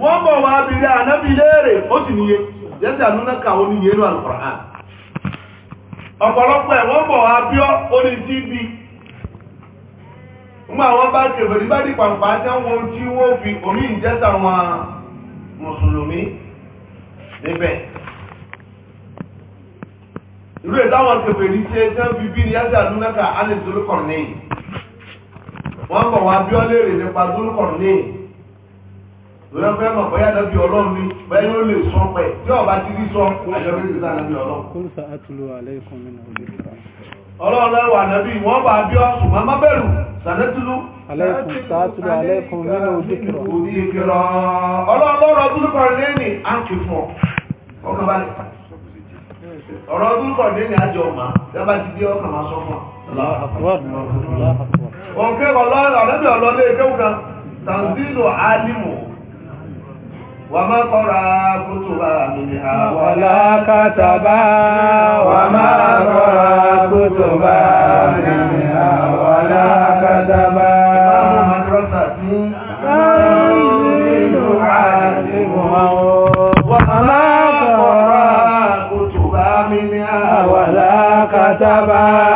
A: wọ́n bọ̀ wá bìrì ànábì léèrè ó sì níye yẹ́sì àlúnákà ó níye ní ọ̀pọ̀lọpọ̀ ẹ̀ wọ́n bọ̀ wá bí ó ní tv mú àwọn bá kèfèrè bá di wọ́n tí wọ́n fi omi ìjẹ́sà wọn mùsùlùmí níbẹ̀ ìlú ṣe fi bí ní wọ́n bọ̀ bí léèrè lọ́dọ̀ fẹ́ mọ̀ bóyá dábì ọlọ́run ni bóyá yóò lè sọ tí ọba ti rí sọ àjọyọ̀ ní ìdá dábì ọlọ́run.
B: kúrúsà ọ má bẹ̀rù aláìkún aláìkún
A: ọ̀rọ̀ ọdún ní àjọ ti dé ọkàn máa sọ fún ọ. òǹkẹ́ وما قرأ كتبا
B: منها ولا كتبا وما قرأ كتبا منها ولا كتبا إمام مدرسة تنزل عالمها وما قرأ كتبا منها ولا كتبا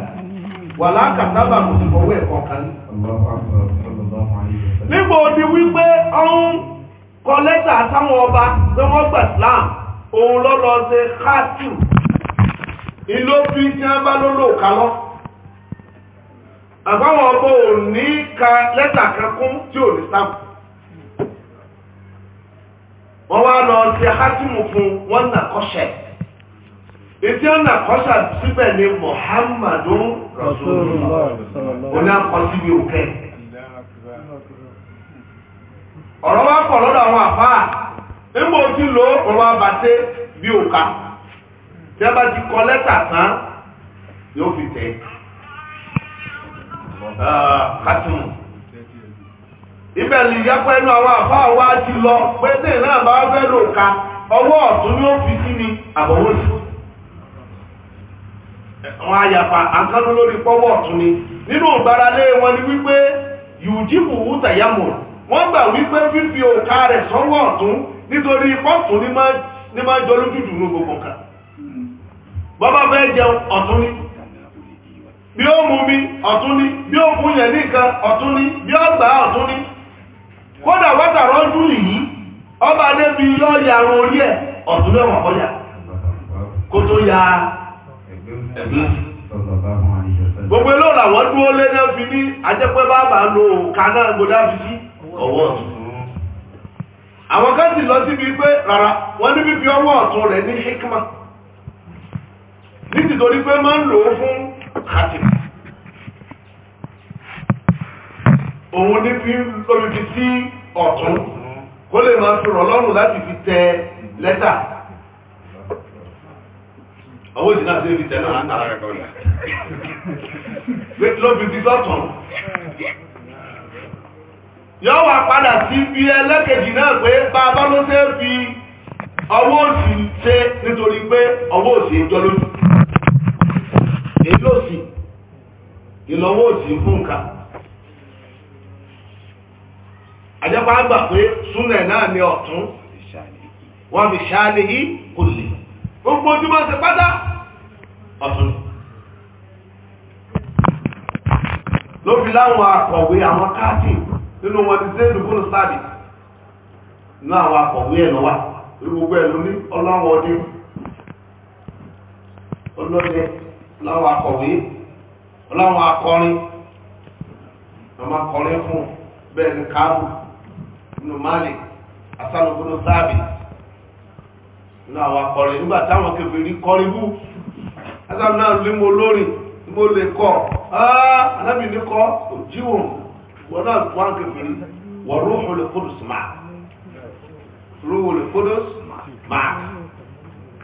A: wàlá kàtàbà kò sì fọwọ́ ẹ̀kọ́ kan. nígbà òdi wípé ọ̀hún kọ lẹ́tà sáwọn ọba pé wọ́n gbà Islam òun lọ lọ ṣe kátù ìlú bí tí wọ́n bá lólò kálọ́. àbáwọn ọba ò ní ka lẹ́tà kan kún tí ò ní sáàmù. wọ́n wá lọ ṣe kátù fún wọn nà kọ́ṣẹ́. Ètí ọ̀nà kọ́sà síbẹ̀ ni Mùhàmmadu Rasulullah.
B: Oní àkọsí
A: bí òkè. Ọ̀rọ̀ wá pọ̀ lọ́dọ̀ àwọn àfáà. Nígbà ó lo ọ̀rọ̀ abàtẹ́ bí òkà. Tí a bá ti kọ lẹ́tà tán, yóò fi tẹ̀. Ibẹ̀ lè àwọn lọ pé ní ìlànà bá fẹ́ Ọwọ́ ọ̀tún wọn àyàfà àkánú lórí pọ́wọ́ ọ̀tún ni nínú ìgbáralé wọn ni wípé yùjíbù wú tàyàmù wọ́n gbà wípé fífi òkà rẹ̀ sọ́wọ́ ọ̀tún nítorí pọ́ọ̀tún ní máa jọ ní gbogbo kan bọ́bá fẹ́ jẹun ọ̀tún ni bí ó mú mi ọ̀tún ni bí ó ọba débi lọ́ọ̀yà orí ẹ̀ ọ̀tún lẹ́wọ̀n kó ya gbogbo ilé ọdụ àwọn dúró lé náà fi ní ajẹ́pẹ́ bá bàá lo òkà náà gbọdá fi sí ọwọ́ ọ̀tún àwọn sì lọ síbi pé rárá wọ́n níbi fi ọwọ́ ọ̀tún rẹ̀ ní hikma pé máa ń lò ó fún òun fi lórí fi owó ìdí náà sí ibi tẹ̀lé àwọn àtàrà rẹ̀ kọ́lá lóbi ti sọ́tún yọ́ wà padà sí bí ẹlẹ́kẹ̀jì náà pé bàbá ló tẹ́ fi ọwọ́ òsì ṣe nítorí pé ọwọ́ òsì jọ lójú èyí òsì ìlọ́wọ́ òsì fún nǹkan àjẹ́pá gbà pé súnẹ̀ náà ni ọ̀tún wọ́n fi ṣáà ní kò lè gbogbo ojúmọ́ ṣe pátá ọ̀tún ló fi láwọn akọ̀wé àwọn káàkiri nínú wọn ti dé ìdúgbòrò sáàbì ní àwọn akọ̀wé ẹ̀ gbogbo ẹ̀ ló ní ọlọ́wọ́ ọdẹ ọlọ́dẹ láwọn akọ̀wé ọlọ́wọ́ akọrin ọmọ akọrin fún bẹ́ẹ̀ ni nínú àwọn akọrin nígbà táwọn kèfèrí kọrin bú ẹgbẹ́ náà lé mo lórí mo lè kọ́ anábì ah, ní kọ́ òjíwò wọn náà wọn kèfèrí wọ rúhùn lè kódùs máa rúhùn lè kódùs máa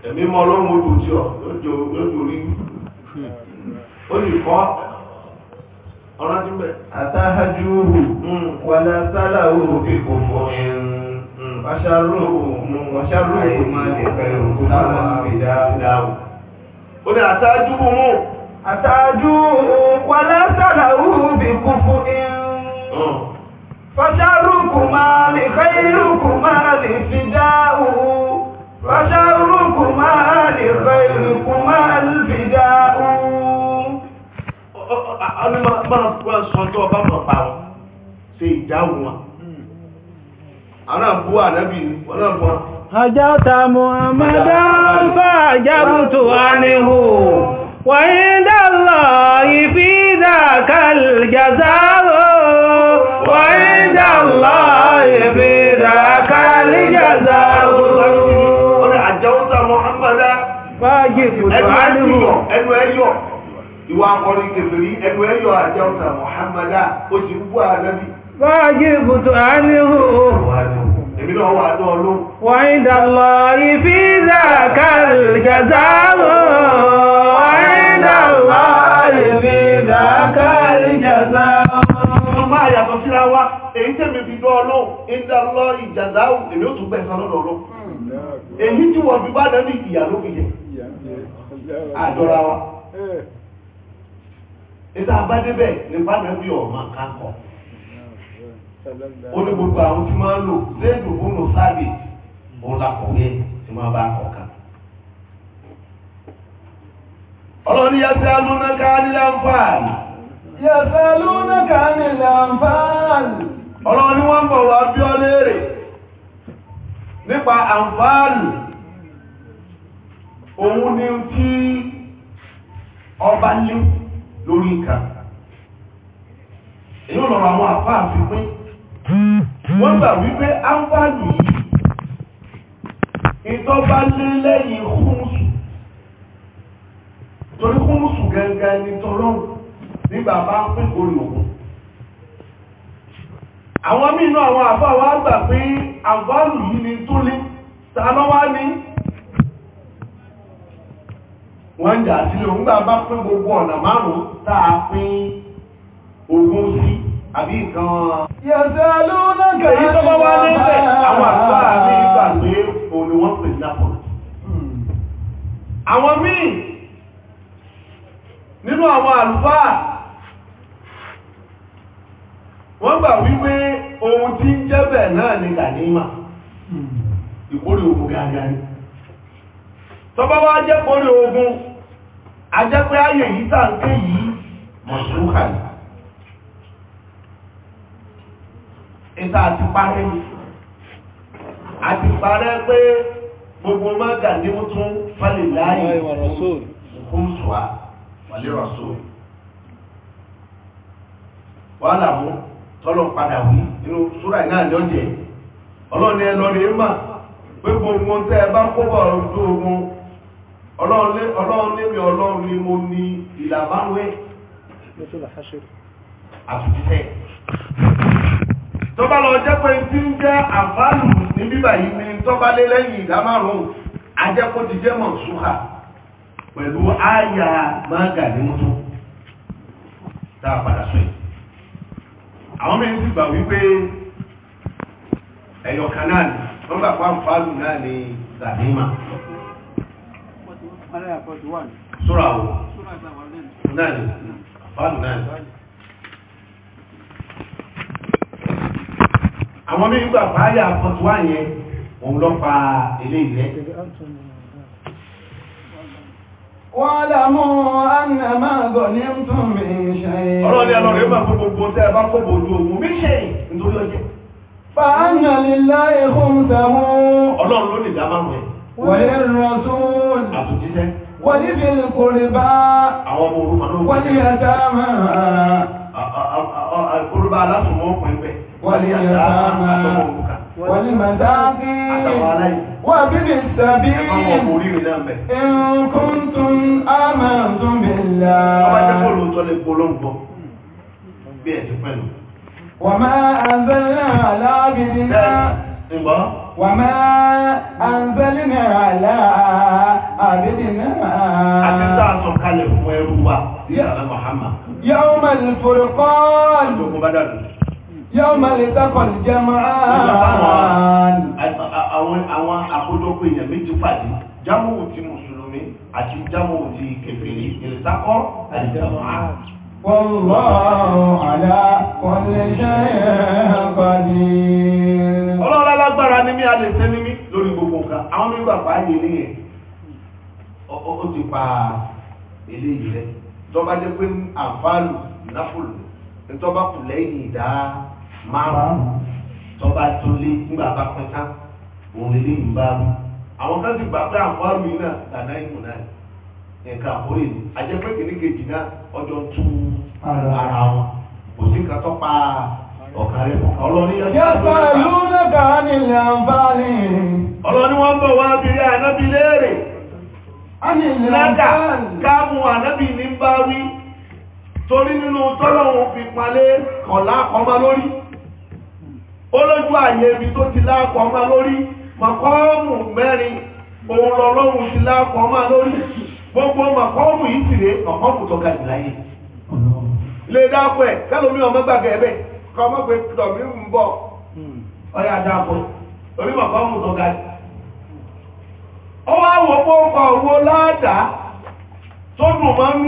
A: ẹ̀mí mọ́ ọlọ́run ojú tí ọ lójú orí ó lè kọ́ ọ̀rọ̀ tí àtàhájú hmm, wàlásálà òkè kò ó ní àṣáájú mú àṣáájú wà lásàrà òbí kúkú ní fàṣàrùkù máa lè fẹ́rùkù máa lè fi dáhùn
B: fàṣàrùkù máa
A: lè fẹ́rùkù máa lè fi dáhùn ọdún máa sọ tó ọba mọ̀ pa wọn ìdáhùn wọn aláàbúwà nábì ọlọ́pàá
B: àjáta Muhammadu bá àjábùtò àníhù wà ní dàlọ́ ìfídà kàlìjàzáwò wà ní dàlọ́ ìfídà kàlìjàzáwò
A: ọ̀nà àjáta Muhammadu bá àjábùtò àníhù ẹnu ẹyọ ìwà akọrin kèfèrí ẹnu ẹyọ àjáta Muhammadu ó ti gbọ́ ànábì fájìbùtù àníhù wàídà lọ ìfíìsà kàrìjàzáwò wàídà lọ ìfíìsà kàrìjàzáwò máa yàtọ̀ èyí tí wọ́n fi bá dẹ́bí ìyà ló fi jẹ àjọra wa ìta eh. ni nípa náà bí ọ̀ma kákọ̀ọ́ ó ní gbogbo àwọn tí máa ń lò zéèdù bùnú sábì òun la kọ̀wé tí máa bá kọ̀ọ̀kan. ọlọ́ni yẹn fẹ́ lónà ká ní láǹfààní. yẹn fẹ́ lónà ká ní láǹfààní. ọlọ́ni wọ́n bọ̀ wá bí ọ léèrè nípa àǹfààní òun ni tí ọba lé lórí ìka èyí ò lọ́rọ̀ àwọn àfáà fi pín wọ́n gbà wípé áńfààní yìí ìtọ́ba lé lẹ́yìn húnmùsù torí húnmùsù gangan ni tọ́lọ́run nígbà máa ń pín orí òkun àwọn mínú àwọn àbá gbà pé àbálù yìí ni tó lé ta lọ́wọ́ ní wọ́n ń jà sílé òun gbà bá pín gbogbo ọ̀nà márùn-ún tá a pín ogún sí àbí nǹkan èyí tó bá wá níbẹ̀ àwọn àgbà ní ìgbà pé òun ni awọn
B: pè
A: àwọn míì nínú àwọn àlùfáà wọ́n gbà wípé ohun tí ń jẹ́bẹ̀ náà ni gànímà ìkórè ogun gàgàrí tọ́bá wá jẹ́ kórè ogun a jẹ́ pé yìí ìta àti parẹ́ ni àti parẹ́ pé gbogbo mọ́gà ní mú tún falẹ̀ láàyè fún ṣùwà wàlẹ́ rọ̀ṣọ́ wà láàmú tọ́lọ̀ padà wí inú ṣúra náà ní ọjẹ́ ọlọ́ni ẹlọ́ni mà pé gbogbo tẹ́ ẹ bá ogun tọ́ba lọ jẹ́ pé tí ń jẹ́ àfáàlù ní bíbà yìí ni tọ́ba lé lẹ́yìn ìdá márùn-ún ajẹ́kọ́ ti jẹ́ mọ̀ ṣúkà pẹ̀lú àyà mága ní mọ́tò tá a padà sọ yìí àwọn mẹ́rin ti gbà wípé ẹ̀yọ̀kan náà ni wọ́n gbà pa àfáàlù náà ni gàdímà sọ́ra o náà ni àfáàlù náà ni. àwọn méjì gbà báyà fọ́tíwá yẹn òun lọ fa ilé ilẹ̀ Ọlọ́dẹ alọ́rẹ̀ máa fún gbogbo tẹ́ bá kó gbogbo ogun méṣẹ́ nítorí ọjọ́. Fàánà lílá ẹ̀hùn tàwọn máa rẹ̀. Wọ̀lẹ́ rọ̀sún واليتامى والمساكين وابن السبيل إن كنتم آمنتم بالله وما أنزلنا على عبدنا وما أنزلنا على عبدنا àtẹ́sà sọ̀kalẹ̀ fún ẹrú wa sí àrẹ Muhammad yawmal furqan yóò máa lè tákọ̀lì jẹ́ máa àwọn àkójọpọ̀ èèyàn méjì pàdé jámọ́wò ti mùsùlùmí àti jámọ́wò ti kèfèrí ìrìsákọ́
B: àìjẹ́mọ́ra Wallahu ala kulli shay'in qadir.
A: Ọlọ́run alágbára ni mí, a lè tẹ́ ní mí lórí gbogbo nǹkan. Àwọn nígbà pàáyé ní ẹ̀, ó ti pa ilé ìrẹ́. Tọ́bá jẹ́ pé àfáàlù, náfòlù, tọ́bá kù lẹ́yìn ìdá márùn tọ́ba tó lé nígbà bá pín tán òun lè léyìn àwọn kan ti gbà pé àwọn arú yìí náà ìmọ̀ náà nǹkan àkórè ni náà ọjọ́ tú ara wọn kò sí nǹkan tó pa ọ̀kàrẹ́ mọ́ ọlọ́ni yẹn. yàtọ̀ ìlú nàgà ni làǹfààní. ọlọ́ni bọ̀ wá ànábi léèrè. káàmù ànábi ní torí nínú tọ́lọ́hún olójú àyè ibi tó ti láàpọ̀ ọmọ lórí mẹrin mẹ́rin òun lọ́lọ́run ti láàpọ̀ ọmọ lórí gbogbo mọ̀kọ́ọ̀mù yìí sì rè tó ga ìláyé lè dápọ̀ ẹ̀ kẹ́lómi ọmọ ẹ̀bẹ̀ ọmọ pé tọ̀mí ń bọ̀ ọyà dápọ̀ orí tó ga wá owó ládàá tó dùn máa ń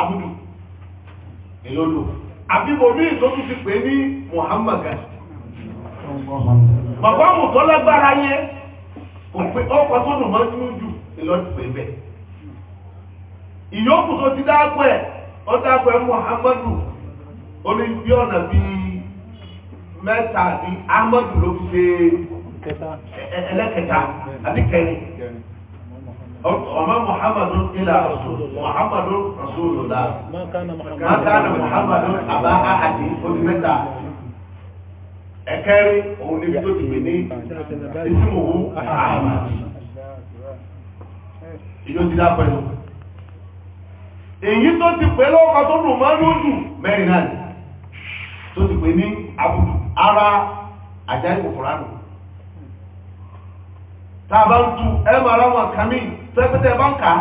A: àbùdù èlò lò àbí muhammadu gan. Bàbá àwọn tó lágbára yẹn ọkọ̀ tó dùn mọ́ ní ojú ìlọ́dún pé Ìyókù tó ti dáàpọ̀ ó dáàpọ̀ Muhammadu orí bí ọ̀nà bíi mẹ́ta ní Ahmadu ló fi ẹlẹ́kẹta àbí kẹrin ọmọ muhammadu muhammadu rasulullah muhammadu Ekere òun níbi tó ti pè ní ìsìnkú àmà ìjọ ti dá pẹ̀lú èyí tó ti pè lọ́kọ̀ tó dùn mẹ́rin náà tó ti ní ara àjáyé kòkòránù tàbá ń tu ẹmà ráwọn kàmí tẹ́pẹ́tẹ́ bá ń kà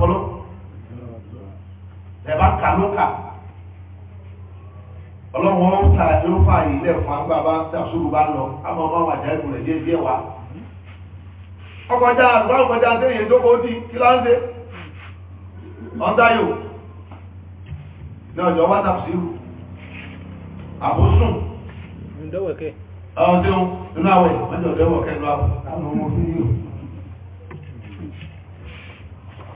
A: ojú tẹ̀bá kanúkà ọlọ́wọ́n ń ta irúfà ilẹ̀ fún agbábá tàṣùrù bá lọ àmọ́ ọmọ àwọn ọkọjá ọkọjá kí láńdé ọ̀dáyò ní ọjọ́ wá tàbísírù àbúsùn ọdún inú àwẹ̀ ọjọ́ lọ́wọ́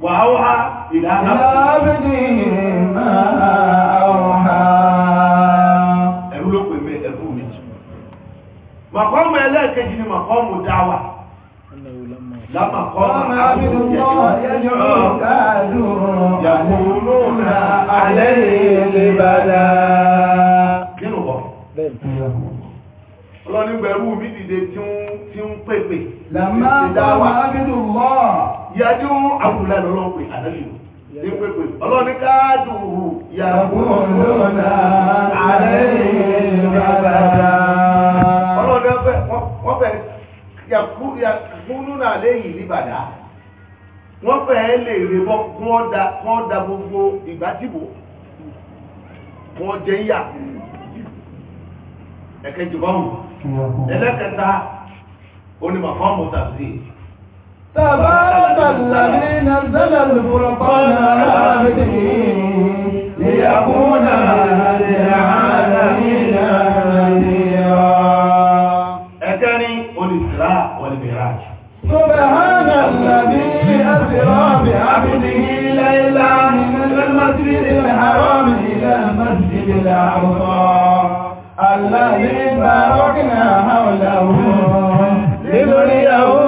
A: وأوحى إلى عبده ما أوحى ẹ̀rú ló pè mí ẹ̀rú mi jù màkọ́mù ẹlẹ́ẹ̀kejì ni màkọ́mù dáwà lámàkọ́mù يقولون عليه
B: لبدا
A: ọlọ́ni gbẹ̀rú mi dìde tí ń pèpè lámàkọ́mù àbúrò yájú àbúlá lọ́lọ́ pé àdájú ní pépè ọlọ́ni káàdù
B: yàgò lọ́nà àlẹ́ ìrìnàbàdà ọlọ́ni ọ̀fẹ́
A: wọ́n yàgò wọ́n fẹ́ lè rí bọ́ kọ́ da gbogbo ìgbà dìbò kọ́ jẹ́ yà ẹ̀kẹ́ jùbọ́n ẹlẹ́kẹta onímọ̀ fọ́ọ̀mù tàbí تبارك الذي نزل الفرقان على عبده ليكون للعالمين نذيرا اتاني الاسراء
B: والمعراج سبحان الذي اسرى بعبده ليلا من المسجد الحرام الى المسجد الاقصى الذي باركنا حوله لنريه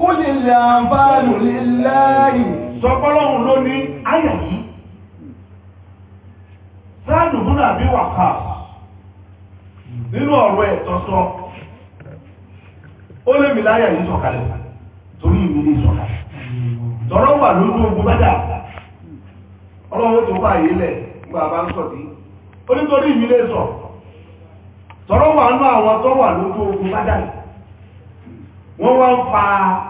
A: kúlì lè àǹfààlù líláàrí sọpọ́lọ́hun ló ní ayà yìí sáàdù múnà bí wàkà nínú ọ̀rọ̀ ẹ̀tọ́sọ́ ó lè mi láyà yìí sọ̀kalẹ̀ torí ìmì ní sọ̀kalẹ̀ tọ́rọ wà lójú ogun ọlọ́wọ́ bá tọ́rọ wà tó wọ́n wá ń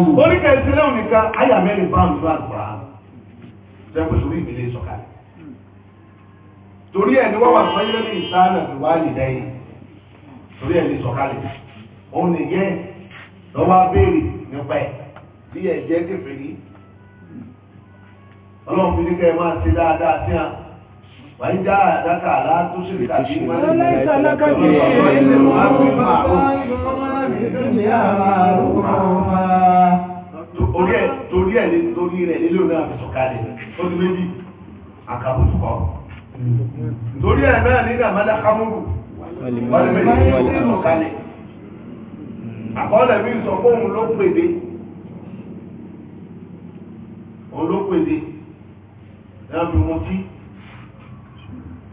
A: orí kẹsí lẹ́wọ̀n nìkan ayà mẹ́rin bá ń bá àgbà lẹ́kùn sórí ìbílẹ̀ sọ̀kalẹ̀ torí ẹni wọ́n wà sọ́yẹ́ lórí ìsáàlẹ̀ tó wá lè dẹ́yìn torí ẹni sọ̀kalẹ̀ òun nìyẹn lọ́wọ́ abéèrè nípa ẹ̀ bí ẹ̀ jẹ́ kẹfẹ́ rí ọlọ́run fi ní kẹ́ ẹ máa ṣe dáadáa sí à wàá já àdáka aláàtúnṣe lè tàbí ìmọ̀ ní ìlànà ìlú àgbẹ̀fà orí ẹ̀ torí ẹ̀ torí rẹ̀ nílé òun náà fi sọ̀kalẹ̀ ó ti méjì àkàbùtù kọ́ torí ẹ̀ náà nígbà mọ́dá kámúrù wọ́n lè méjì sọ̀kalẹ̀ àkọọ́lẹ̀ mi sọ pé òun ló pèdé òun ló pèdé náà fi mú tí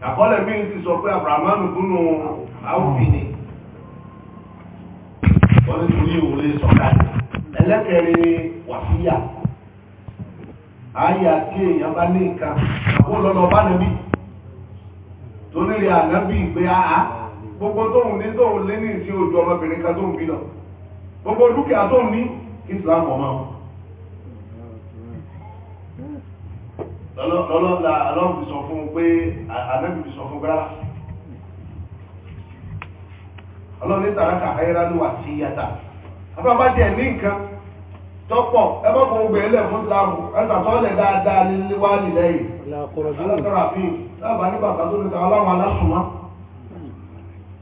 A: àkọọ́lẹ̀ mi ti sọ pé abrahamu gúnnù áwùfìnì wọ́n ní torí òun lè sọ̀kalẹ̀ ẹlẹ́kẹ̀rin wàsíyà àyà tí èèyàn bá ní nǹkan àbó lọ́lọ́ bá nàbí torí ànábì pé àá gbogbo tóun ní tóun lé ní ìsí ojú ọmọbìnrin kan tóun bí lọ gbogbo dúkìá tóun ní Islam ọmọ lọ́lọ́lá alọ́bì sọ fún pé ànábì sọ fún gbára tàràkà ayéra ló wà sí yàtà tọ́pọ̀ ẹ bá fún gbé ilẹ̀ mùsùlùmù ẹ̀sà tọ́lẹ̀ dáadáa ní níwá nílẹ̀ yìí alákọ̀ràbí lábà ní bàbá tó ní ká ọlọ́run alásùnmá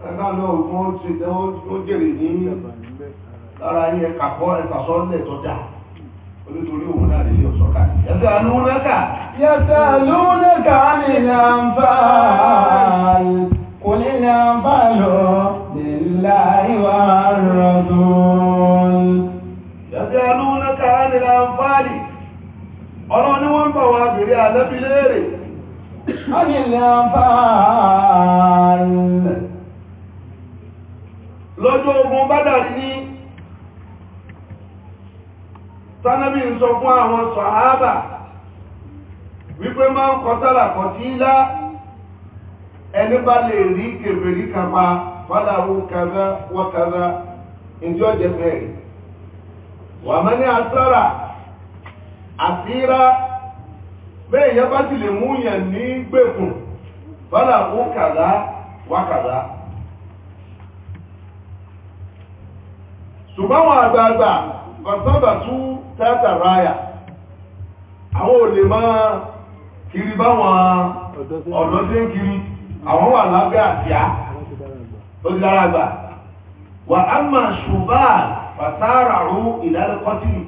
A: ẹ̀ka náà wọ́n ti dẹ́ ó jèrè ní lára yìí ẹ̀ka kọ́ ẹ̀sà sọ́lẹ̀ tó onítorí òun náà lè yọ sọ́ka ẹ̀sà lónàkà yẹ̀sà lónàkà ní nàmbà kò ní nàmbà lọ nílá ìwà rọ̀dùn. ìlà àǹfààlì ọlọ́run ni wọ́n ń bà wà bèèrè àlẹ́bí léèrè ogun bádàrí ní sánẹ́bí ń sọ fún àwọn sọ̀háábà wípé máa ń kọtàlà kọtí ńlá ẹni bá lè rí kèfèrí kàpá kàzá wọ́kàzá ìjọ́ wàmọ́ ní asára àtírá bẹ́ẹ̀ yẹn ya ti lè mú yẹn ní gbẹ̀kùn bọ́lá ó kàdá wákàdá ṣùgbọ́n wọn àgbààgbà kiri báwọn ọ̀dọ́ tí ń kiri àwọn wà lágbà àtíá wa ti dára fàtàràrù ìlàlùkọ́tìlù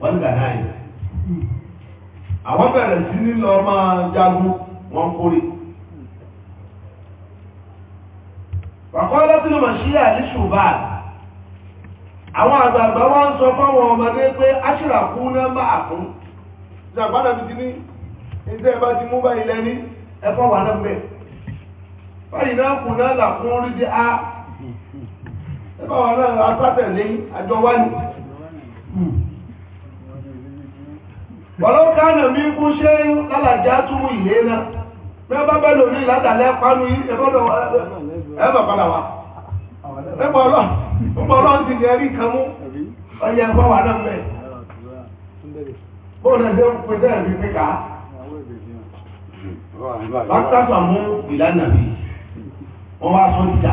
A: wọ́n gbà náà yìí àwọn bẹ̀rẹ̀ sí ní lọ máa jagun wọn kórè fàkọ́lọ́tìlù màṣíyà ní ṣùgbà àwọn àgbààgbà wọ́n sọ fáwọn ọmọdé pé aṣìràkú náà bá àkún ìjàgbádà ti ní ìjẹ́ ìbá ti mú bá ilẹ̀ ẹfọ́ wà náà báyìí náà kù náà làkún di a báwọn náà agbátẹ̀lé àjọ wá ní ọlọ́kánà mi kú ṣe lálàjá túnmù ìlé náà mẹ́bá bẹ́lò ní ìlàdàlẹ́ pánú ẹgbọ́dọ̀ ẹgbà padà wá
B: ẹgbọ́rọ̀ ti ní ẹrí kan mú ọyẹ ẹgbọ́ wà náà mẹ́ bóòlù ẹgbẹ́ pẹ̀lú ẹ̀rí pẹ́ká bá tásà
A: mú ìlànà bí wọ́n wá sọ́jà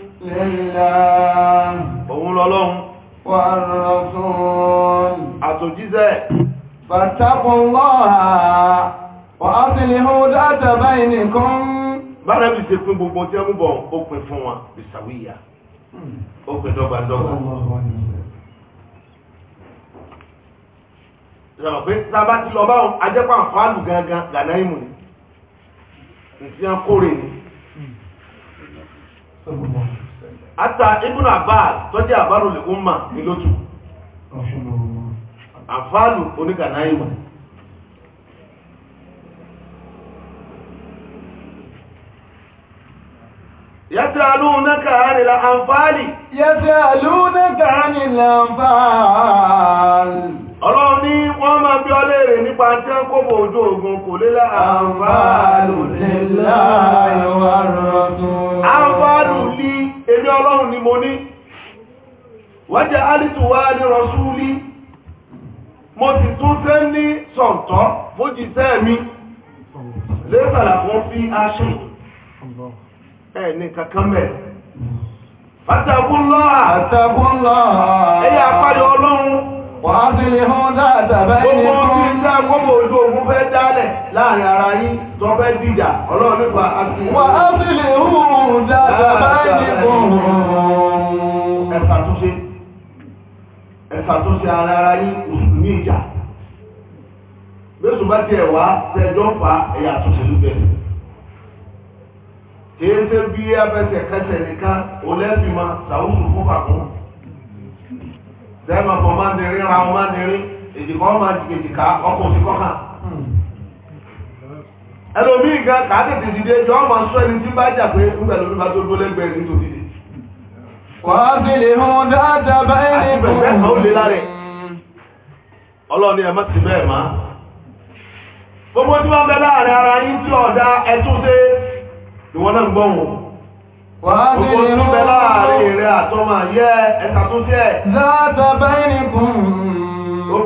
A: lillah òun lọ́lọ́run wà ar-rasul àtòjíṣẹ́ wa aslihu dhata bainikum bára bí ṣe pín gbogbo tí ẹmú bọ̀ ó pín fún wọn bí sàwíyà ó pín dọ́gbàdọ́gbà ìrànà pé sábà ti lọ báwọn ajẹ́pà fáàlù gangan gàdá ìmù ni ìsìn akóre ni. Hmm. ata ibùn abbas tọ́jú àbárò lè kún mà ní lótú àfáàlù oníkànáìmọ̀ يسألونك عن الأنفال يسألونك عن الأنفال ọlọ́run ní wọ́n máa bí ọlẹ́rẹ̀ nípa tí kóbò ojú ogun kò lélá àǹfààlù lè láàrín èmi ọlọ́run ni mo ní wájá alìtùwá ní rọ̀súlì mo ti tún tẹ́ ní sọ̀tọ́ fójìṣẹ́ mi lẹ́sàlà fún fi aṣe ẹ̀ ní kankan mẹ́ àtàbúnlọ́ àtàbúnlọ́ ẹ̀yà apáyọ ọlọ́run wà á sí ihun dáadáa báyìí fẹ́ gbogbo ojú ogun fẹ́ dálẹ̀ láàrin ara yín tó fẹ́ dìjà ọlọ́run nípa àti. wà á sì lè hù dáadáa báyìí fún un. ẹ̀fà tó ṣe ẹ̀fà tó ṣe ara ara yín oṣù ní ìjà bẹ́sùn bá tiẹ̀ wá tẹjọ́ fa ẹ̀yà àtúnṣe ló bẹ̀rẹ̀ kìí ṣe bí abẹ́sẹ̀ kẹsẹ̀ nìkan olẹ́sìn ma ṣàwùsù fún fàkún. sẹ́ẹ̀mà fọ́ máa ń dirí ra ọ máa ń dirí. èjìká ọmọ àti èjìká ọkọ̀ òsìkọ́ hàn ẹlòmíì ọmọ sọ ẹni tí bá jà pé ń tó wà á fi lè hun dáadáa báyìí ní ìbò àti bẹ̀rẹ̀ kan ó lé má ti bẹ́ẹ̀ má. gbogbo tí wọ́n bẹ láàrin ara yín tí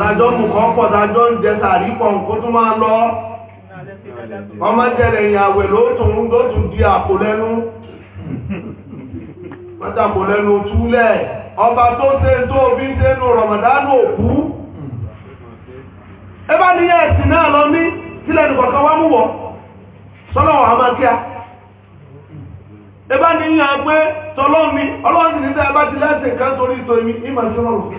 A: lájọ́ mú kọ́ pọ̀ lájọ́ ń jẹ sàrí pọ̀ kó tún máa lọ ọmọ jẹ́rẹ̀ ìyàwó lóòtún lóòtún di àpò lẹ́nu mọ́tàpò lẹ́nu túlẹ̀ ọba tó ṣe tó bí ṣe nù òkú ẹbá ní ẹ̀sìn náà lọ ní sílẹ̀ nìkọ̀kan wá mú pé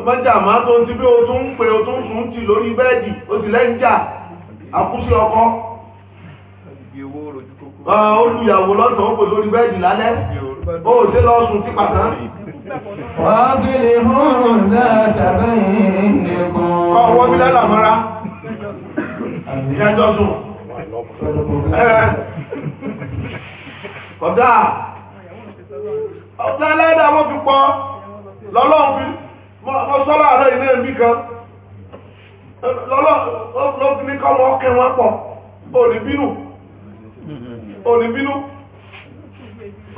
A: ọbẹ̀jà máa tó ti bí o tún ń pè o tún sùn ti lórí bẹ́ẹ̀dì o sì lẹ́ńjà àkúsí ọkọ olùyàwó lọ́sàn ó pè lórí bẹ́ẹ̀dì lálẹ́ ó ṣe lọ sùn ti pàtàkì. wàbílì hùn látàbẹ́ ìnìkan. ọwọ́ mi lẹ́la mọ́ra ìyájọ́ sùn. kọ̀dá ọ̀dá lẹ́dàá wọ́n fi pọ̀ lọ́lọ́run fi. mọ́sọ́lá àárọ̀ ilé ẹ̀mí kan lọ́gbìnrin kọ́ lọ ọkẹ wọn pọ̀ olùbínú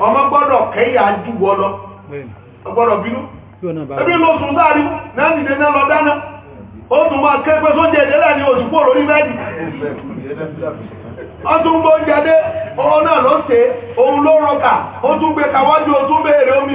A: ọmọ gbọ́dọ̀ kẹyà jù lọ ọgbọ́dọ̀ bínú ẹbí ló sùn sáàrí náà nìdẹ́ lọ dáná ó tún máa kẹ́gbẹ́ sóúnjẹ ìdẹ́lẹ̀ ní mẹ́jì ó tún gbọ́ náà ló ó tún kàwájú ó tún omi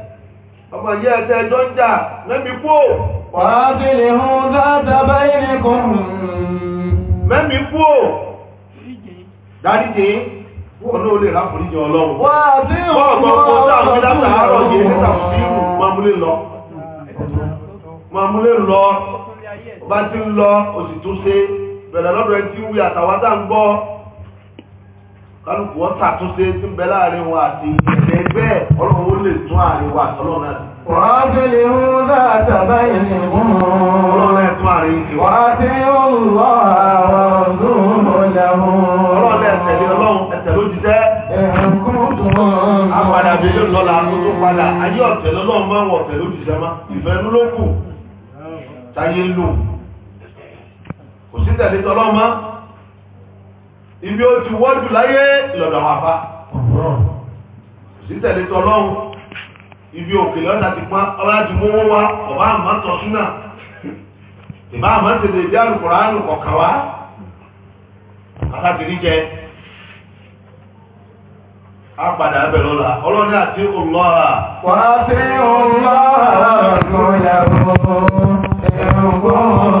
A: ọmọ ìyá ẹ̀tẹ́ ẹjọ́ ń jà mẹ́mí kó wàábìlì hún dáadáa ilé kan mẹ́mí kó dáríjì wọ́n náà lè rápòlíjì ọlọ́run wọ́n ọ̀gbọ̀n kó sáà kálukú wọn ṣàtúnṣe tí ń bẹ láàrin wọn àti ẹgbẹ́ ọlọ́run ó lè tún àárín wa àtọ́lọ́ náà. wàá fi lè mú dáadáa báyìí ní ìmú. ọlọ́run tún àárín ìdí. wàá fi olùwà àwọn ọdún ọ̀làmú. ọlọ́run ẹ̀ tẹ̀lé ọlọ́run ẹ̀ tẹ̀lé òjijẹ́. ẹ̀kú tó ń bọ̀. àpàdà bíi ló lọ́la tó tó padà ayé ọ̀tẹ̀ lọ́lọ́run máa ń wọ̀ tẹ̀lé òjijẹ́ má ìfẹ́ inú ló kù táyé lò kò ibi ó ti wọ́jú láyé lọ́dọ̀ àbá òsítẹ̀lẹ̀ tọ́lọ́run ibi òkè lọ́dà ti pán ọlájú mọ́wọ́ wá ọba àmọ́ tọ́súnà ìbá àmọ́ tètè bí àrùkùrá àrùkọ̀kà wá àtàtìrí jẹ àpàdà ẹbẹ̀ ọlọ́ni àti á sí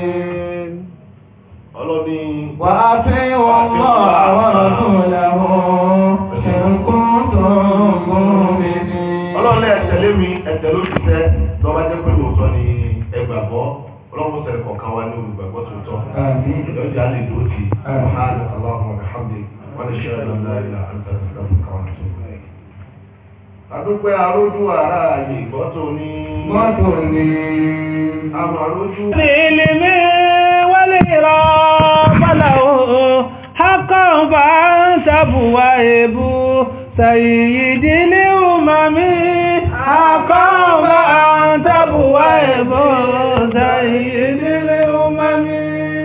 A: ọlọ́ni wà á fẹ́ wọn lọ àwọn ọ̀tọ̀lẹ̀wọ̀n ẹ̀kún tó gún mi ní. ọlọ́lẹ̀ ẹ̀tẹ̀lé mi ẹ̀tẹ̀ ló ti tẹ́ lọ́ba jẹ́ pé lóòótọ́ ni ẹgbàgbọ́ ọlọ́run sẹ̀rẹ̀ kọ̀ọ̀kan wa ní olùgbàgbọ́ tó tọ́
B: ìlọ́jà lè dúró ti ọ̀hánà aláwọ̀ alhamdi wọn lè ṣe ẹ̀dọ̀lá ìlà
A: àdúpẹ́ arójú ara àyè ìgbọ́tò ní.
B: gbọ́tò ní. àmọ̀ arójú. ní
A: ilé mẹ́rin.
B: الإرى فله حقا فأنسب وهب سيد الأمم حقا فأنسب وهب سيد الأمم